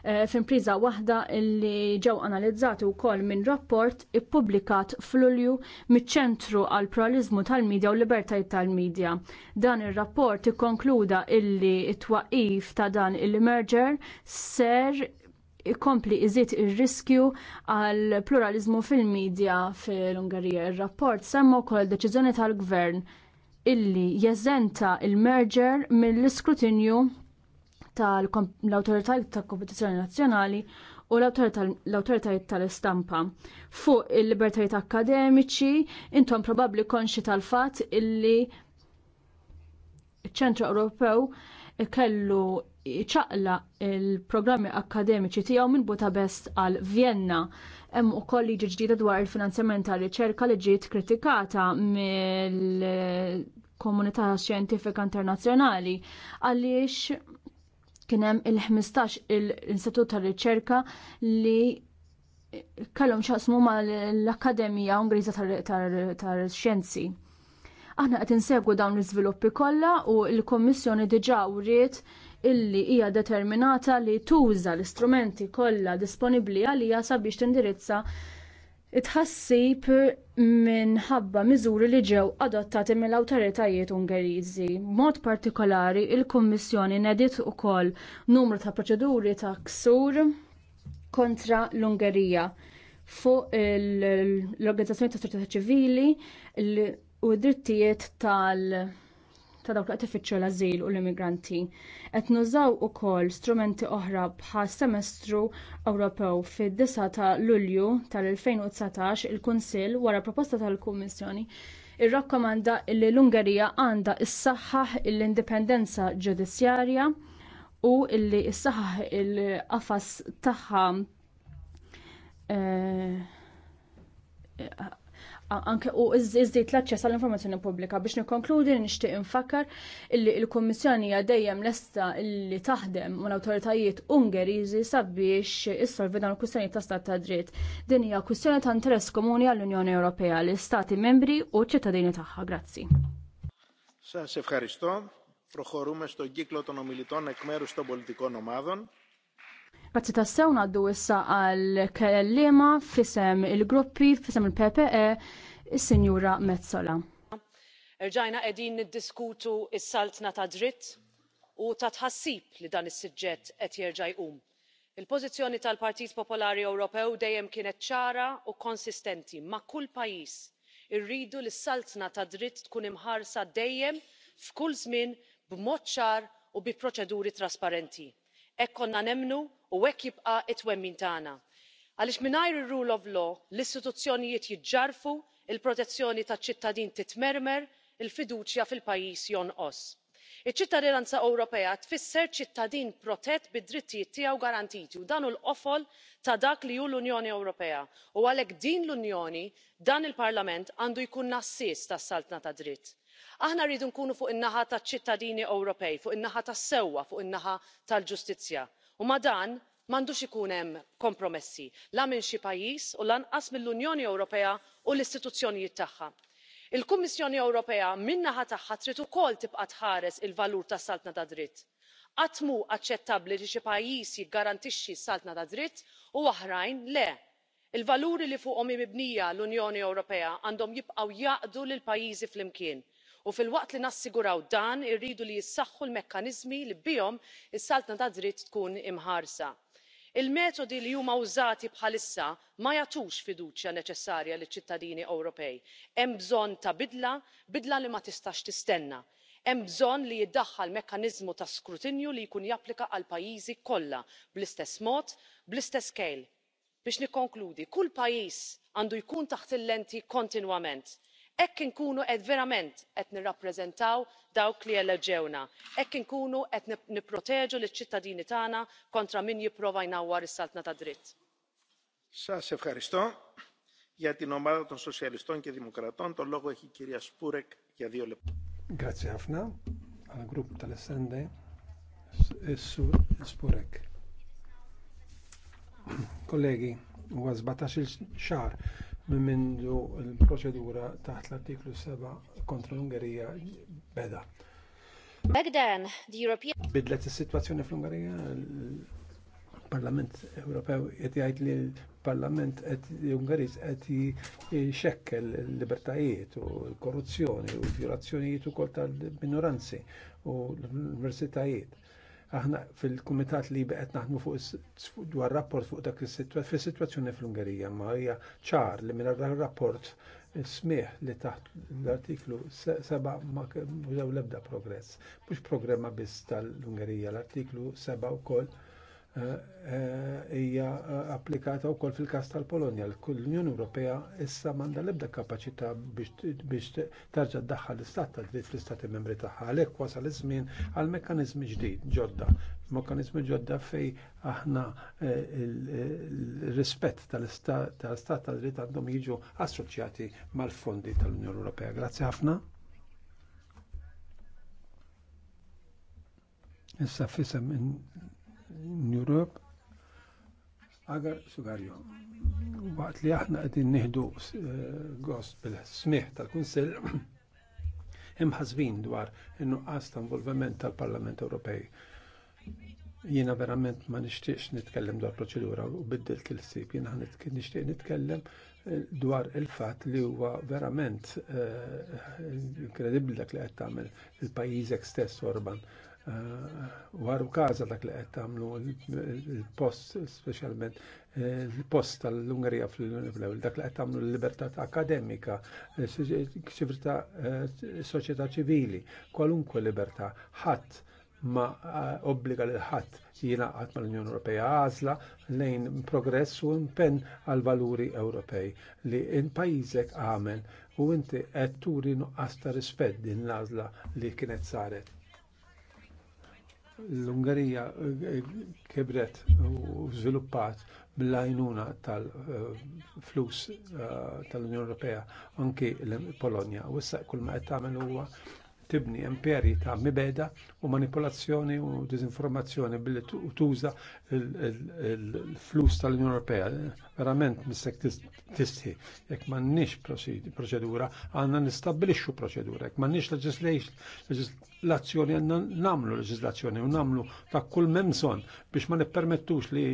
eh, f'impriża waħda li ġew analizzati wkoll minn rapport ippubblikat f'Lulju miċ-Ċentru għal Pluralizmu tal-Midja u Libertajiet tal-Midja. Dan ir-rapport ikkonkluda illi t-twaqif ta' dan il-merger ser ikompli iżid ir-riskju għal pluralizmu fil-medja fil ungerija Ir-rapport semma wkoll deċiżjoni tal-gvern illi jeżenta il-merger mill-iskrutinju tal-autoritajiet tal kompetizzjoni nazzjonali u l-autoritajiet tal-istampa. Fuq il-libertajiet akademiċi, intom probabli konxi tal-fat illi ċentru Ewropew kellu ċaqla il-programmi akademiċi tiegħu minn Budapest għal Vienna Hemm ukoll liġi ġdida dwar il-finanzjament tal riċerka li ġiet kritikata mill-komunità xjentifika internazzjonali għaliex kien hemm il-15 il-Istitut tar Riċerka li kellhom xaqsmu mal-Akkademija Ungriża tal-Xjenzi. Aħna qed insegwu dawn l-iżviluppi kollha u l-Kommissjoni diġà wriet illi hija determinata li tuża l-istrumenti kollha disponibbli għalija sabiex tindirizza tħassib minħabba miżuri li ġew adottati mill-awtoritajiet Ungeriżi. Mod partikolari il-Kummissjoni nedit ukoll numru ta' proċeduri ta' ksur kontra l-Ungerija fuq l-organizzazzjoni ta' soċjetà ċivili u d-drittijiet tal- ta' dawk li qed l-azil u l-immigranti. Qed nużaw ukoll strumenti oħra bħal semestru Ewropew fid-9 ta' Lulju tal-2019 il-Kunsill wara proposta tal-Kummissjoni irrakkomanda li l-Ungerija għandha issaħħaħ l-indipendenza ġudizzjarja u illi issaħħaħ il-qafas tagħha eh, anke u iżdiet l-aċċess għall informazzjoni pubblika biex nikkonkludi nixtieq infakkar illi l-Kummissjoni hija dejjem lesta illi taħdem l awtoritajiet Ungeriżi sabiex issolvi dan il-kwistjoni ta' stat ta' dritt. Din hija kwistjoni ta' interess komuni għall-Unjoni Ewropea l-Istati membri u ċittadini tagħha. Grazzi. Σας ευχαριστώ. Προχωρούμε στον κύκλο των ομιλητών εκ μέρους των πολιτικών ομάδων. Grazzi ta' sew naddu issa għal kellima fisem il-gruppi, fisem il-PPE, il-Sinjura Mezzola. Irġajna qegħdin niddiskutu is-saltna ta' dritt u ta' tħassib li dan is siġġett qed jerġa' jqum il-pożizzjoni tal-partit popolari ewropew dejjem kienet ċara u konsistenti ma' kull pajjiż irridu li s-saltna ta' dritt tkun imħarsa dejjem f'kull żmien b'mod ċar u bi proċeduri trasparenti hekk konna nemmnu u hekk jibqa' it twemmin tagħna għaliex mingħajr ir rule of law l-istituzzjonijiet jiġġarfu il protezzjoni taċ ċittadin titmermer il fiduċja fil pajjiż jonqos. iċ-ċittadinanza ewropea tfisser ċittadin protett bid-drittijiet tiegħu garantiti u dan hu l-qofol ta' dak li hu l-unjoni ewropea u għalhekk din l unjoni dan il parlament għandu jkun l għassies tas-saltna ta' dritt aħna rridu nkunu fuq in-naħa taċ-ċittadini ewropej fuq in-naħa tas-sewwa fuq in-naħa tal-ġustizzja u ma' dan m'għandux ikun hemm kompromessi la minn xi pajjiż u lanqas mill-unjoni ewropea u l-istituzzjonijiet tagħha. il-kummissjoni ewropea min-naħa tagħha trid ukoll tibqa' tħares il-valur tas-saltna ta' dritt. qatt mhu aċċettabbli li xi pajjiż jiggarantixxi s-saltna ta' dritt u oħrajn le. il valuri li fuqhom hi mibnija l-unjoni ewropea għandhom jibqgħu jaqdu lil pajjiżi flimkien u filwaqt li nassiguraw dan irridu li jissaħħu l-mekkaniżmi li bihom is-saltna ta' dritt tkun imħarsa. il metodi li huma użati bħalissa ma jagħtux fiduċja neċessarja liċ-ċittadini ewropej hemm bżonn ta' bidla bidla li ma tistax tistenna hemm bżonn li jiddaħħal mekkaniżmu ta' skrutinju li jkun japplika għal pajjiżi kollha bl-istess mod bl-istess scale. biex nikkonkludi kull pajjiż għandu jkun taħt il lenti kontinwament hekk inkunu verament qed nirrappreżentaw dawk li eleġewna hekk inkunu qed nipproteġu liċ-ċittadini tagħna kontra min jipprova jnawwar is-saltna ta' dritt. Grazie ħafna grupp tal sur Spurek. Kollegi, huwa il xahar minn mindu l-proċedura taħt l-artiklu 7 kontra l-Ungerija beda. Back then, the European... Bidlet is-sitwazzjoni fl-Ungerija, il-Parlament Ewropew qed jgħid li l-Parlament qed Ungariż qed l-libertajiet u l-korruzzjoni u l-vjolazzjonijiet ukoll tal-minoranzi u l-universitajiet Aħna fil-Kumitat li qed naħdmu fuq dwar rapport fuq dak is-sitwazzjoni fl-Ungerija, ma hija ċar li minn dak rapport smieħ li taħt l-artiklu 7 ma l-ebda progress. Mhux programma biss tal-Ungerija, l-artiklu seba' wkoll Eh, eh, hija eh, applikata wkoll fil-każ tal-Polonja. L-Unjoni Ewropea issa m'għandha l-ebda kapaċità biex terġa' ddaħħal l-istat ta' dritt fl-istati membri tagħha. Għalhekk wasal iż-żmien għal mekkaniżmi ġdid ġodda. Mekkaniżmi ġodda fej aħna l-rispett tal-istat ta' dritt għandhom jiġu assoċjati mal-fondi tal-Unjoni Ewropea. Grazzi ħafna. Issa fisem in Europe agar sugarjo. Waqt li aħna qegħdin nieħdu eh, gost bil-smih tal-Kunsill hemm ħażbin dwar in-nuqqas ta' involviment tal-Parlament Ewropej. Jiena verament ma nixtieqx nitkellem dwar proċedura u biddil il-sib, jiena nixtieq nitkellem eh, dwar il-fat li huwa verament eh, inkredibbli dak li qed tagħmel il-pajjiżek stess Orban għaru eh, kaza dak li qed tagħmlu il-post specialment eh, il-post tal-Ungerija fl-Level, dak li qed tagħmlu l-libertà akademika, ċiviltà eh, soċjetà ċivili, kwalunkwe libertà, ħadd ma obbliga lil ħadd ma mal-Unjoni Ewropea għażla lejn progress u impenn għal valuri Ewropej li in pajjiżek għamel u inti qed turi nuqqas ta' rispett din l-għażla li kienet saret l-Ungarija eh, kibret u żviluppat bl għajnuna tal-flus eh, eh, tal-Unjoni Ewropea anki l-Polonja. U issa kull ma qed tagħmel huwa tibni imperji ta' mibeda u manipolazzjoni u dizinformazzjoni billi tuża l-flus tal-Unjoni Ewropea. Verament mistek tisti, jekk m'għandniex proċedura, għandna nistabbilixxu proċedura, jekk m'għandniex leġislazzjoni għandna namlu leġislazzjoni u namlu ta' kull memson biex ma nippermettux li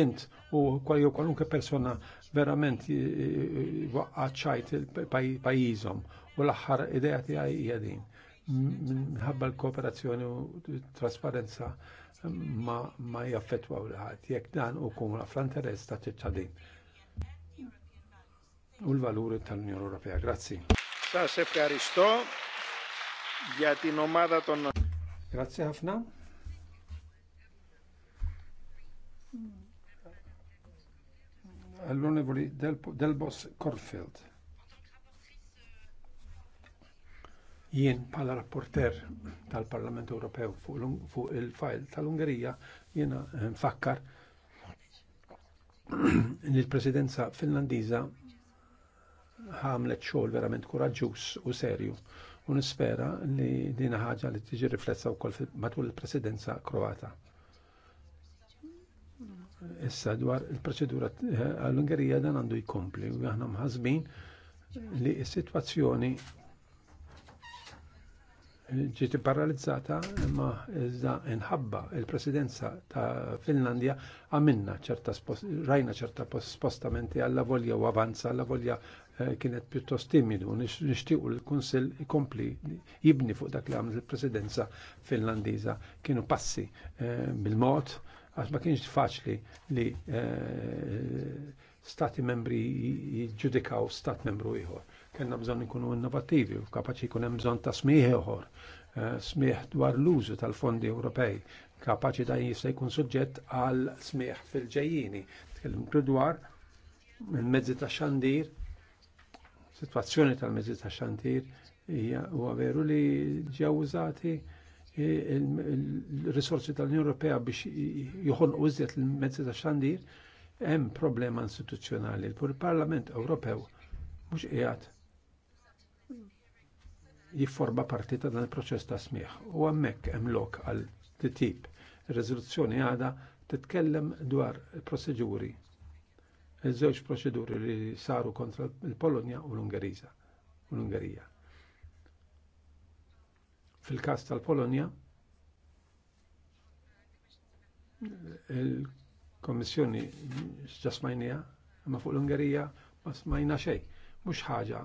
int eh, u kwalunkwe persona verament eh, eh, waqqaċċajt il-pajizom u l-axħar ideja tiegħi hija din minħabba l-kooperazzjoni u trasparenza ma, ma jaffetwaw l-ħat, Jek dan u kumra fl-interess ta' ċittadin u l-valuri tal unjon Ewropea. Grazzi. Sas karisto, jati nomada ton. Grazzi ħafna. All'onorevole Del Delbos Corfield. jien bħala rapporter tal-Parlament Ewropew fuq il-fajl tal-Ungerija jiena eh, nfakkar li l-presidenza finlandiża ħamlet xogħol verament kuraġġuż u serju u nispera li din ħaġa li tiġi riflessa wkoll matul il-presidenza Kroata. Issa dwar il-proċedura eh, għall-Ungerija dan għandu jkompli u aħna mħazbin li s-sitwazzjoni ġiet paralizzata imma iżda inħabba il-presidenza ta' Finlandja għamilna ċerta rajna ċerta spostamenti għalla volja u avanza għalla volja eh, kienet pjuttost timidu nixtiequ l-Kunsill ikompli jibni fuq dak li għamlet il-presidenza Finlandiża kienu passi eh, bil-mod għax ma kienx faċli li eh, stati membri jiġġudikaw stat membru ieħor kellna bżonn ikunu innovattivi u kapaċi jkun hemm bżonn ta' smieħ ieħor, eh, smieħ dwar l-użu tal-fondi Ewropej, kapaċi da' jista' jkun suġġett għal smieħ fil-ġejjini. Tkellimtu dwar il-mezzi ta' xandir, situazzjoni tal-mezzi ta' xandir hija huwa veru li ġew użati eh, il-risorsi tal-Unjoni Ewropea biex joħolqu iżjed il-mezzi ta' xandir, hemm problema istituzzjonali. Il-Parlament Ewropew mhux qiegħed jifforma parti ta' dan il-proċess ta' smieħ. U hemmhekk hemm lok għal t-tip. riżoluzzjoni għada titkellem dwar proċeduri. Iż-żewġ proċeduri li saru kontra il-Polonja u l-Ungerija. U l-Ungerija. Fil-każ tal-Polonja, il-Kommissjoni ġasmajnija, ma fuq l-Ungerija ma smajna xejn. Mhux ħaġa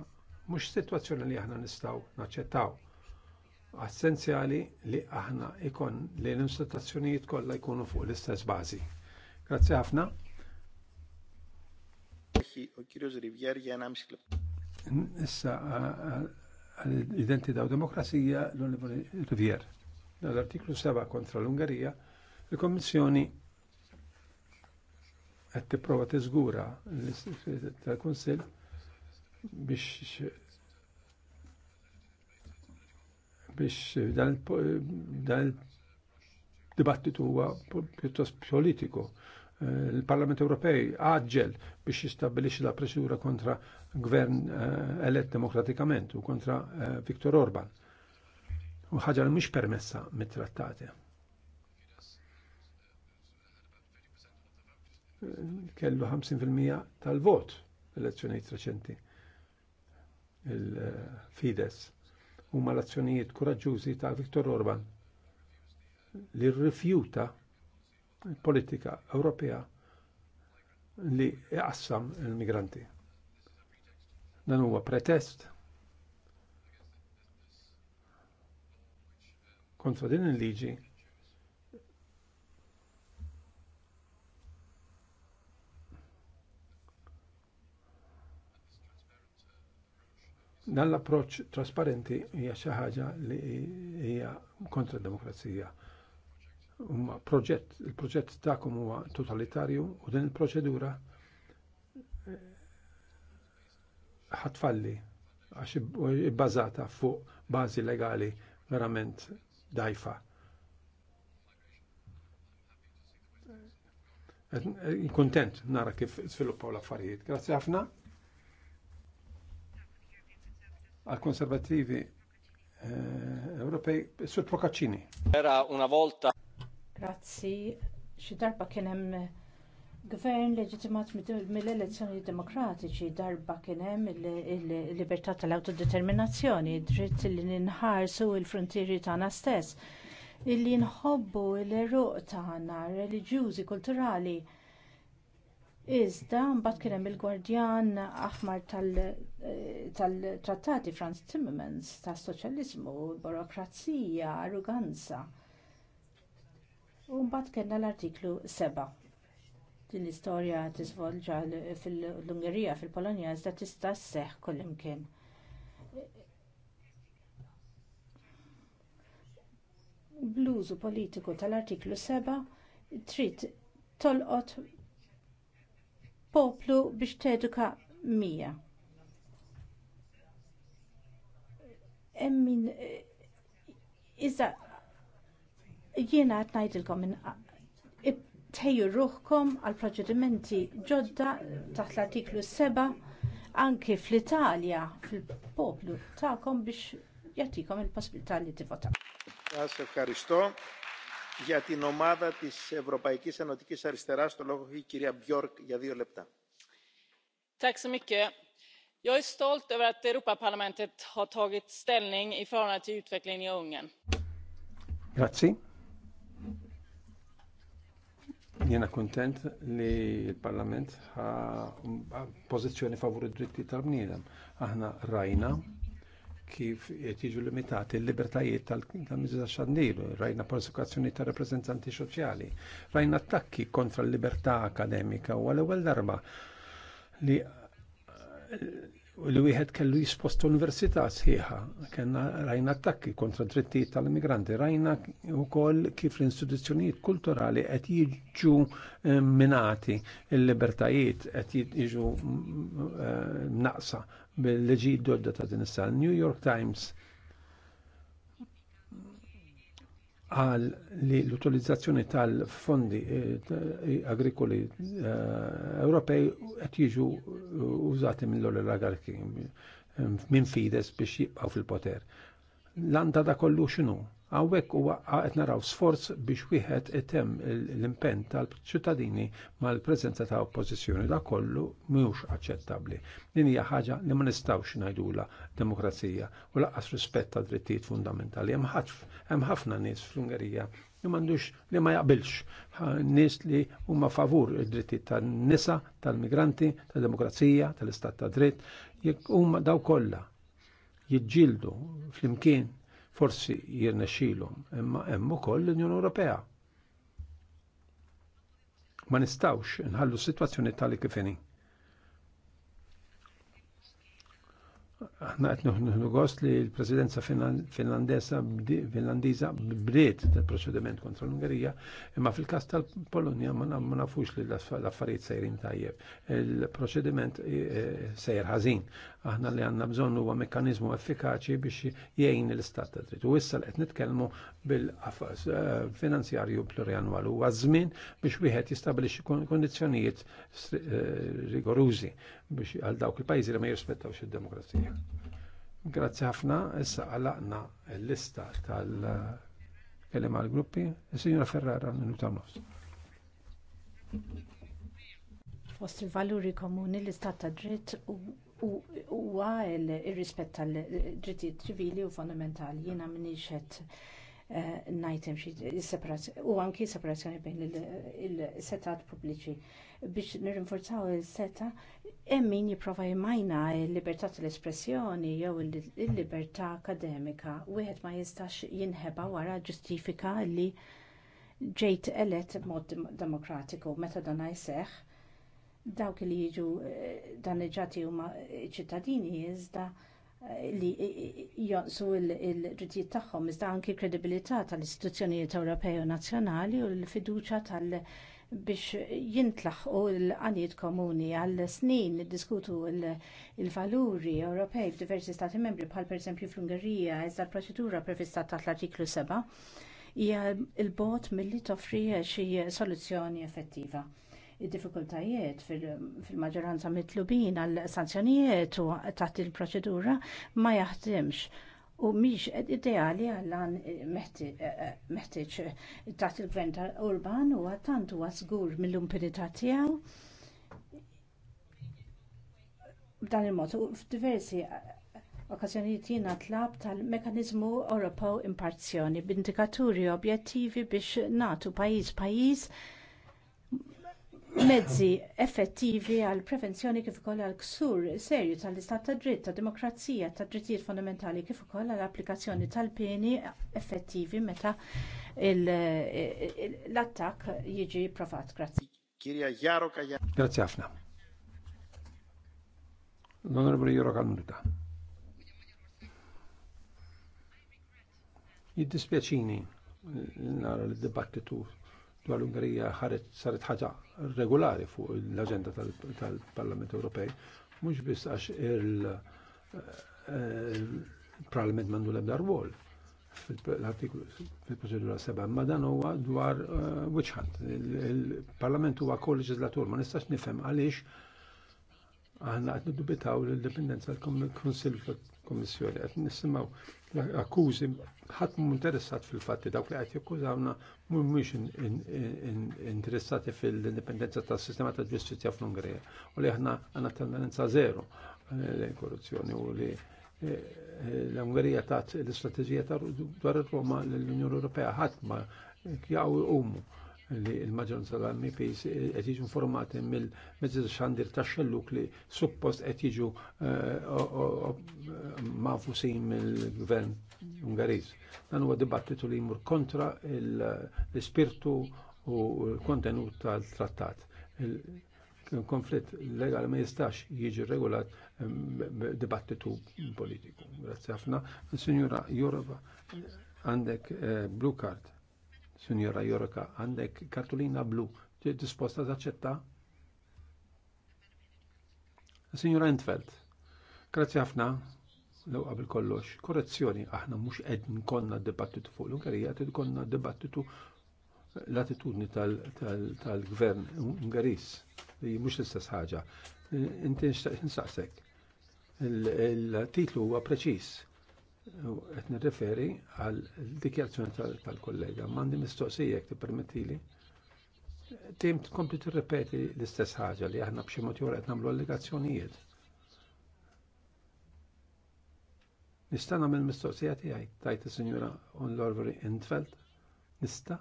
mhux sitwazzjoni li aħna nistgħu naċċettaw. Essenzjali li aħna ikon li l-istituzzjonijiet kollha jkunu fuq l-istess bażi. Grazzi ħafna. Issa identità u demokrazija l-Onorevoli Rivier. L-artiklu 7 kontra l-Ungarija, il-Kommissjoni qed tipprova tiżgura l kunsill biex biex dan il-dibattitu huwa pjuttost politiku. Eh, Il-Parlament Ewropej għagġel biex jistabilixi la presura kontra gvern eh, elett demokratikament u kontra eh, Viktor Orban. U ħaġa li mhix permessa mit-trattati. Kellu 50% tal-vot l-elezzjonijiet reċenti il-Fides huma l-azzjonijiet kuraġġużi ta' Viktor Orban li rrifjuta politika Ewropea li jaqsam il-migranti. Dan huwa pretest kontra din il-liġi Dan l approċ trasparenti hija xi ħaġa li hija kontra d-demokrazija. Huma proġett, il-proġett tagħkom huwa totalitarju u din il-proċedura eh, ħatfalli għax ibbażata fuq bażi legali verament dajfa. Eh, kontent nara kif sviluppaw l-affarijiet. Grazie ħafna. għal-konservativi eh, Ewropej, Sur Procaccini. Era una volta. Grazzi, xi darba kien hemm gvern leġitimat mill-elezzjoni demokratiċi, darba kien hemm il-libertà tal-autodeterminazzjoni, dritt li ninħarsu il-frontieri tagħna stess, illi nħobbu l-eruq tagħna reliġjużi, kulturali Iżda mbagħad kien hemm il-gwardjan aħmar eh, tal-trattati Franz Timmermans tas-soċjaliżmu, burokrazija, arroganza. U mbagħad kellna l-artiklu 7. Din l-istorja tiżvolġa fil-Ungerija, fil-Polonja, iżda tista' sseħħ kullimkien. Bluzu politiku tal-artiklu 7 trid tolqot poplu biex teduka mija. Emmin, eh, iza, jiena qed ngħidilkom minn tejju ruħkom għal proċedimenti ġodda taħt l-artiklu 7 anke fl-Italja fil-poplu tagħkom biex jagħtikom il-possibilità li tivota. Grazie, Jag är stolt över att Europaparlamentet har tagit ställning i förhållande till utvecklingen i Ungern. Grazie. kontent li l-Parlament ha pożizzjoni favur id-dritti tal-bniedem. Aħna rajna kif jiġu limitati l-libertajiet tal-mizza xandilu, rajna persekuzzjoni ta' rappresentanti soċjali, rajna attakki kontra l-libertà akademika u għal ewwel darba li li wieħed kellu jispost università sħiħa, kena rajna attakki kontra drittijiet tal-immigranti, rajna wkoll kif l-istituzzjonijiet kulturali qed jiġu eh, minati il-libertajiet qed jiġu eh, naqsa bil-leġi dodda ta' din is-sal. New York Times għal li l-utilizzazzjoni tal-fondi eh, agrikoli eh, Ewropej qed jiġu eh, użati mill-oligarki minn fides biex jibqgħu fil-poter. L-anta da kollu x'inhu? Għawek u għet naraw sforz biex wieħed item l-impen tal-ċittadini mal-prezenza ta' oppożizzjoni da' kollu mhux aċċettabbli. Din hija ħaġa li ma nistgħux ngħidula demokrazija u laqqas rispett ta' drittijiet fundamentali. Hemm ħafna nies fl-Ungerija li m'għandux li ma jaqbilx nies li huma favur id-drittijiet tan-nisa, tal-migranti, tad-demokrazija, tal-istat ta' dritt, jekk huma daw kollha jiġġieldu flimkien forsi jirnexxilhom, imma hemm ukoll l-Unjoni Ewropea. Ma nistawx nħallu s-sitwazzjoni tali kif Aħna qed nuħnu gost li l-Presidenza Finlandesa Finlandiża bdiet tal-proċediment kontra l-Ungerija, imma fil-każ tal-Polonja ma nafux li l-affarijiet sejrin tajjeb. Il-proċediment e, sejr ħażin. Aħna li għandna bżonn huwa mekkaniżmu effikaċi biex jgħin l-istat ta' dritt. U issa qed nitkellmu bil e, finanzjarju plurianwal huwa żmien biex wieħed jistabilixxi kondizzjonijiet e, rigorużi biex għal dawk il pajzi li ma jirrispettawx id-demokrazija. Grazzi ħafna, issa għalaqna l-lista tal-kelema għal-gruppi, il-Signora Ferrara minuta nofs. Fost il-valuri komuni l-istat ta' dritt u għa il rispetta l drittijiet ċivili u fondamentali, jena minni xet Eh, najtem u anki separazzjoni bejn il-setat pubbliċi. Biex nirrinforzaw il-seta, emmin jiprofa jimajna il-libertà tal-espressjoni jew il-libertà akademika. Wieħed ma jistax jinħeba wara ġustifika li ġejt elet mod demokratiku meta dan jseħħ dawk li jiġu u eh, huma ċittadini iżda li jonqsu il-ġitijiet tagħhom iżda anki kredibilità tal-istituzzjonijiet Ewropej u nazzjonali u l-fiduċja tal- biex jintlaħqu l għanijiet komuni għal snin diskutu il-valuri Ewropej f'diversi stati membri bħal pereżempju fl-Ungerija iżda l-proċedura prevista taħt l-artiklu 7 hija l bogħod milli toffri xi soluzzjoni effettiva id-diffikultajiet fil-maġġoranza mitlubin għal sanzjonijiet u taħt il-proċedura ma jaħdimx u miex ideali għallan meħtieġ taħt il-gvern urban u għattant huwa żgur mill-impunità tiegħu b'dan il-mod u f'diversi okkażjonijiet jiena tlab tal-mekanizmu Europew imparzjoni b'indikaturi objettivi biex nagħtu pajjiż pajjiż mezzi effettivi għall prevenzjoni kif ukoll għall ksur serju tal-istat ta' dritt, tad demokrazija, tad drittijiet fondamentali kif ukoll għall applikazzjoni tal-pieni effettivi meta l-attakk jiġi provat. Grazzi. Kirja Jaroka Grazzi ħafna. L-Onorevoli Jaro Kalmurita. Jiddispjaċini eh, nara l-dibattitu l-Ungerija ħaret saret ħaġa regolari fuq l agenda tal-Parlament Ewropej, mhux biss għax eh, il-Parlament mandu l-ebda rwol l artiklu fil-proċedura 7, ma dan huwa dwar eh, witch hunt. Il-Parlament huwa kol-leġislatur, ma nistax nifhem għaliex aħna qed niddubitaw l-indipendenza tal konsil kommissjoni nisimaw l akkużi ħat mhu interessat fil-fatti dawk li qed jakkużawna mux interessati fil-indipendenza ta' sistema ta' ġustizja fl ungrija u li aħna għanna tendenza zero l-korruzzjoni u li eh, l ungrija ta' l istrategija ta' dwar il roma l-Unjoni Ewropea ħat ma jgħu umu li il maġġoranza tal-MPs qed jiġu informati mill-mezzi xandir ta' xelluk li suppost qed jiġu eh, mafusin mill-gvern Ungariż. Dan huwa dibattitu li jmur kontra l-ispirtu u l-kontenut tal-trattat. Il-konflitt legal ma jistax jiġi regolat eh, dibattitu politiku. Grazie ħafna. Signora Jorova, għandek eh, blue card. Signora Jorka, għandek kartulina blu, disposta taċċetta? Signora Entfeld, grazzi ħafna, l qabel kollox, korrezzjoni, aħna mhux qed konna dibattitu fuq l-Ungerija, ti konna dibattitu l-attitudni tal-gvern Ungaris li mux l-istess ħagġa. Inti nsaqsek, Il-titlu huwa preċiż qed nirreferi għal dikjazzjoni tal-kollega. Mandi mistoqsija t tippermettili. Tim tkompli tirrepeti l-istess ħaġa li aħna b'xi mod għet nagħmlu allegazzjonijiet. Nista' nagħmel mistoqsija tiegħi tajt is-Sinjura Onlorveri Intfeld, Nista'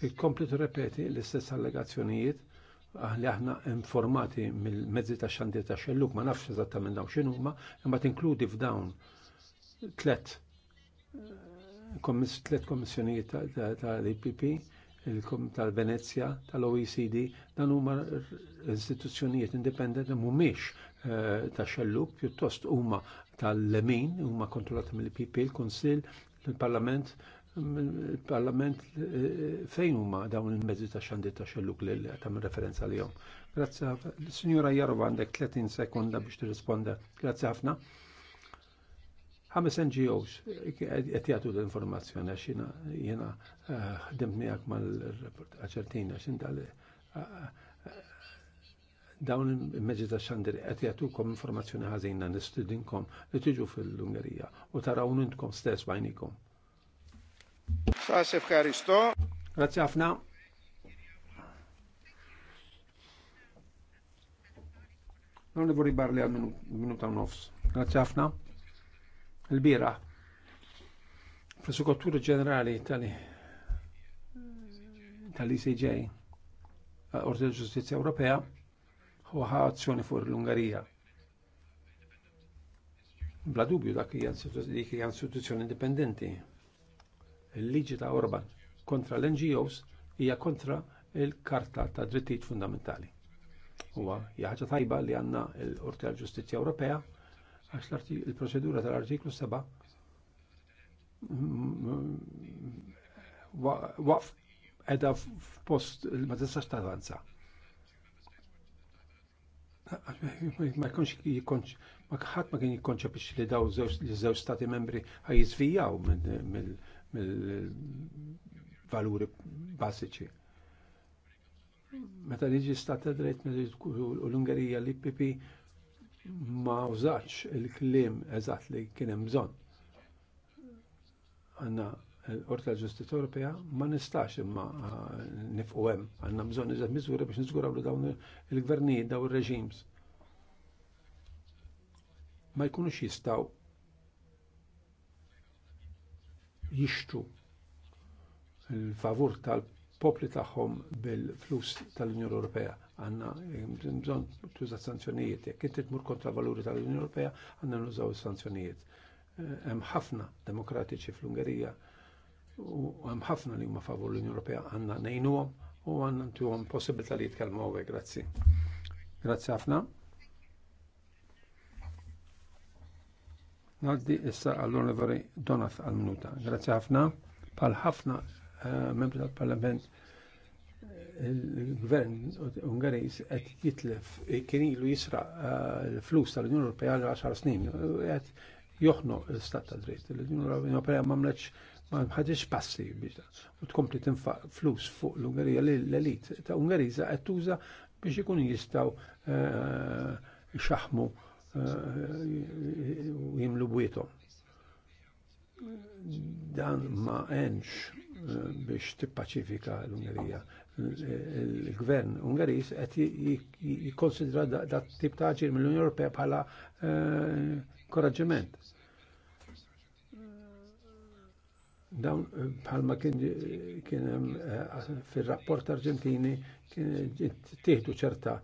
tikkompli repeti l-istess allegazzjonijiet ah, li aħna informati mill-mezzi ta' xandir ta' xelluk ma nafx eżattament dawn x'inhuma, imma tinkludi f'dawn tlet eh, tlet kommissjonijiet tal-IPP, tal-Venezja, tal-OECD, dan huma istituzzjonijiet indipendenti mhumiex eh, ta' xelluk, pjuttost huma tal-lemin, huma kontrollati mill-IPP, il-Kunsill, il-Parlament, il parlament il-parlament eh, fejn huma dawn il-mezzi ta' xandir ta' xelluk li tam referenza li jom. Grazzi ħafna. Signora Jarova għandek 30 sekonda biex tirrisponda. Grazzi ħafna. Ħames NGOs qed jagħtu l-informazzjoni għax jiena eh, ħdemt miegħek mal-ċertina tal-li. Eh, dawn il mezzi ta' xandir qed kom informazzjoni ħażina nistudinkom li tiġu fil lungerija u taraw intkom stess bajnikom. Σας ευχαριστώ. Grazie Afna. Non devo ribarli a minuto a nofs. Grazie Afna. Il-bira. Presocotturi ġenerali tal-ICJ, Orti tal Ġustizja Ewropea, huwa azzjoni fuq l-Ungarija. Bla dubju dak hija istituzzjoni indipendenti il-liġi ta' Orban kontra l-NGOs hija kontra il-Karta ta' Drittijiet Fundamentali. Huwa hija ħaġa tajba li għandna l-Qorti tal-Ġustizzja Ewropea għax il-proċedura tal-artiklu 7 waqf edha f'post ma tistax tavanza. Ma jkunx jkunx ma ħadd ma kien jikkonċepix li daw żewġ stati membri ħajjiżvijaw mill mill-valuri basiċi. Meta liġi stat dritt u l-Ungerija li PP ma użax il-klim eżat li kienem bżon. Għanna l orta Ġustizja Ewropea ma nistax imma nifqu hemm għandna bżonn iżgħat miżuri biex niżguraw li dawn il-gvernijiet daw ir-reġims ma jkunux jistgħu jixtru il-favur tal-popli tagħhom bil-flus tal-Unjoni Ewropea. Għanna eh, bżonn tuża sanzjonijiet. Jekk inti tmur kontra valuri tal-Unjoni Ewropea, għandna nużaw sanzjonijiet. Eh, hemm ħafna demokratiċi fl-Ungerija u hemm ħafna li huma favur l-Unjoni Ewropea għandna ngħinuhom u għandna ntuhom possibilità li jitkellmu grazzi. Grazzi ħafna. Naddi issa għall-Onorevoli Donaf għal-minuta. Grazie ħafna. Pal ħafna eh, membri tal-Parlament il-gvern Ungarijs qed jitlef kien ilu jisra eh, l-flus tal-Unjoni Ewropea għal 10 snin. Qed joħno l-Stat ta' dritt. L-Unjoni Ewropea mleċ ma mħadġiex passi biex u tkompli tinfa flus fuq l-Ungerija l-elit ta' Ungarija qed tuża biex ikun jistaw eh, xaħmu uh, Eh, jimlu bwietom. Dan ma enx eh, biex tippaċifika l-Ungerija. Il-gvern Ungeris qed jikkonsidra dat tip ta' ġir mill-Unjoni Ewropea bħala eh, koraġġiment. Dawn bħalma kien hemm fir-rapport Arġentini kien tieħdu ċerta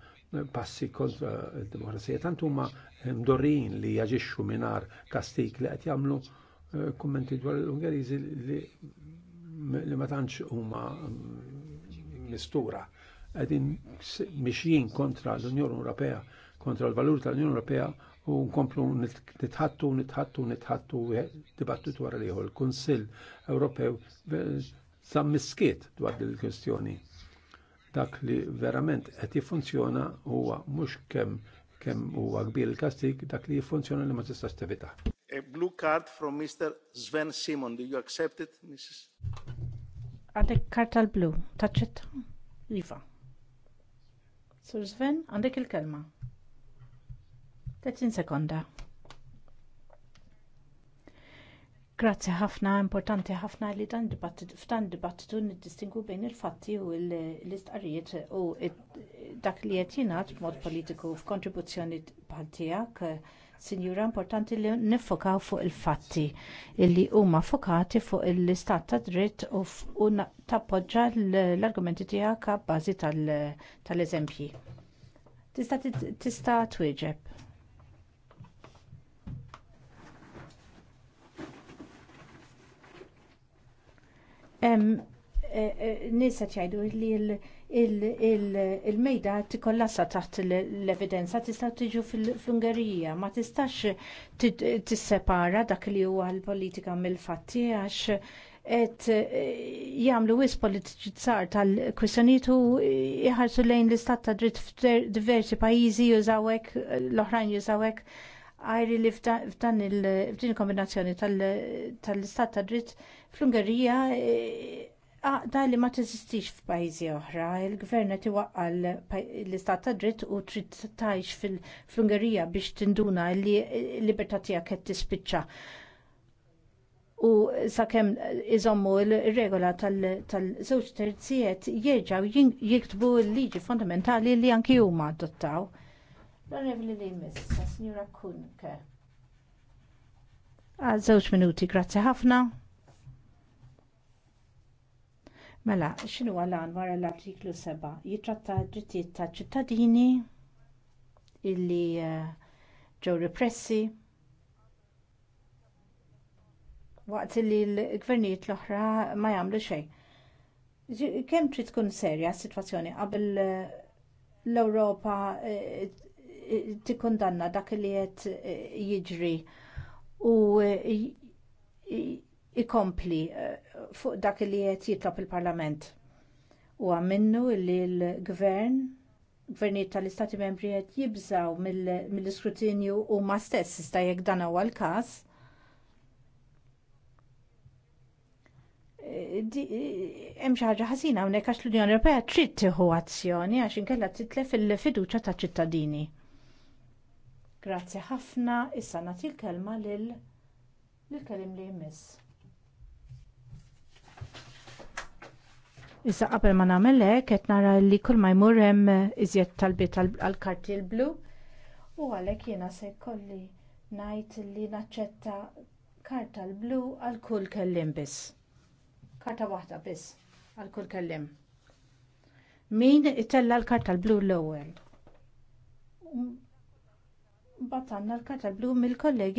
passi kontra d-demokrazija. Tant huma mdorrin li jaġixxu minar kastik li qed jagħmlu eh, kummenti dwar l-Ungeriżi li li ma tantx huma mistura. Qegħdin mixjin kontra l-Unjoni Ewropea, kontra l-valur tal-Unjoni Ewropea u nkomplu nitħattu, nitħattu, nitħattu dibattitu wara liħu. Il-Kunsill Ewropew sam miskiet dwar il-kwestjoni dak li verament qed jiffunzjona huwa mhux kemm kemm huwa kbir il-kastik dak li jiffunzjona li ma tistax tevita. A blue card from Mr. Sven Simon. Do you accept it, Mrs. Għandek karta l-blu, taċċetta? Iva. Sir Sven, għandek il-kelma. 30 sekonda. Grazzi ħafna, importanti ħafna li dan dibattitu, f'dan dibattitu niddistingu bejn il-fatti u l-istqarrijiet u dak li qed jingħad b'mod politiku f'kontribuzzjoni bħal tiegħek. Sinjura importanti li nifokaw fuq il-fatti li huma fokati fuq l-istat ta' dritt u tappoġġa l-argumenti tiegħek bażi tal-eżempji. Tista' tista' twieġeb. E, e, Nis qed jgħidu li il-mejda tikkollassa taħt l-evidenza tista' tiġu fl-Ungerija, ma tistax tissepara dak li huwa l-politika mill-fatti għax qed e, jagħmlu wis politiċizzar tal-kwistjonijiet u jħarsu lejn l-istat ta' dritt f'diversi pajjiżi jużawek, l-oħrajn jużawek għajri li f'dan il-kombinazzjoni tal-istat ta' dritt Fl-Ungerija eh, għaqda li ma teżistix f'pajjiżi oħra, il-gvern qed iwaqqal l-istat ta' dritt u trid tgħix fl-Ungerija biex tinduna li l-libertà tiegħek qed tispiċċa. U sakemm iżommu l-regola tal-żewġ terzijiet jerġgħu jiktbu l-liġi fondamentali li anki huma adottaw. L-Onorevoli Limis, Signora Kunke. Għal żewġ minuti, grazzi ħafna. Mela, x'inhu għalan wara l-artiklu 7? Jitratta d-drittijiet ta' ċittadini illi eh, ġew repressi waqt li l-gvernijiet l-oħra ma jagħmlu xejn. Kemm trid tkun serja s-sitwazzjoni qabel eh, l-Ewropa eh, tikkundanna dak li qed jiġri u ikompli fuq dak li qed jitlob il-Parlament. U minnu li l-gvern gvernijiet tal-istati membri qed jibżaw mill-iskrutinju mill huma stess sta jekk dan huwa l-każ. Eh, eh, hemm xi ħaġa ħażina hawnhekk għax l-Unjoni Ewropea trid tieħu azzjoni għax inkella titlef il-fiduċja taċ ċittadini. Grazzi ħafna, issa nagħti l-kelma lil l-kelim li jmiss. Issa qabel ma nagħmel hekk qed nara li kull ma jmur hemm iżjed talbiet għall-karti blu u għalhekk jiena se jkolli ngħid li naċċetta karta l-blu għal kull kellim biss. Karta waħda biss għal kull kellim. Min itella l-karta l-blu l-ewwel? Mbagħad għandna l-karta l-blu mill-kollegi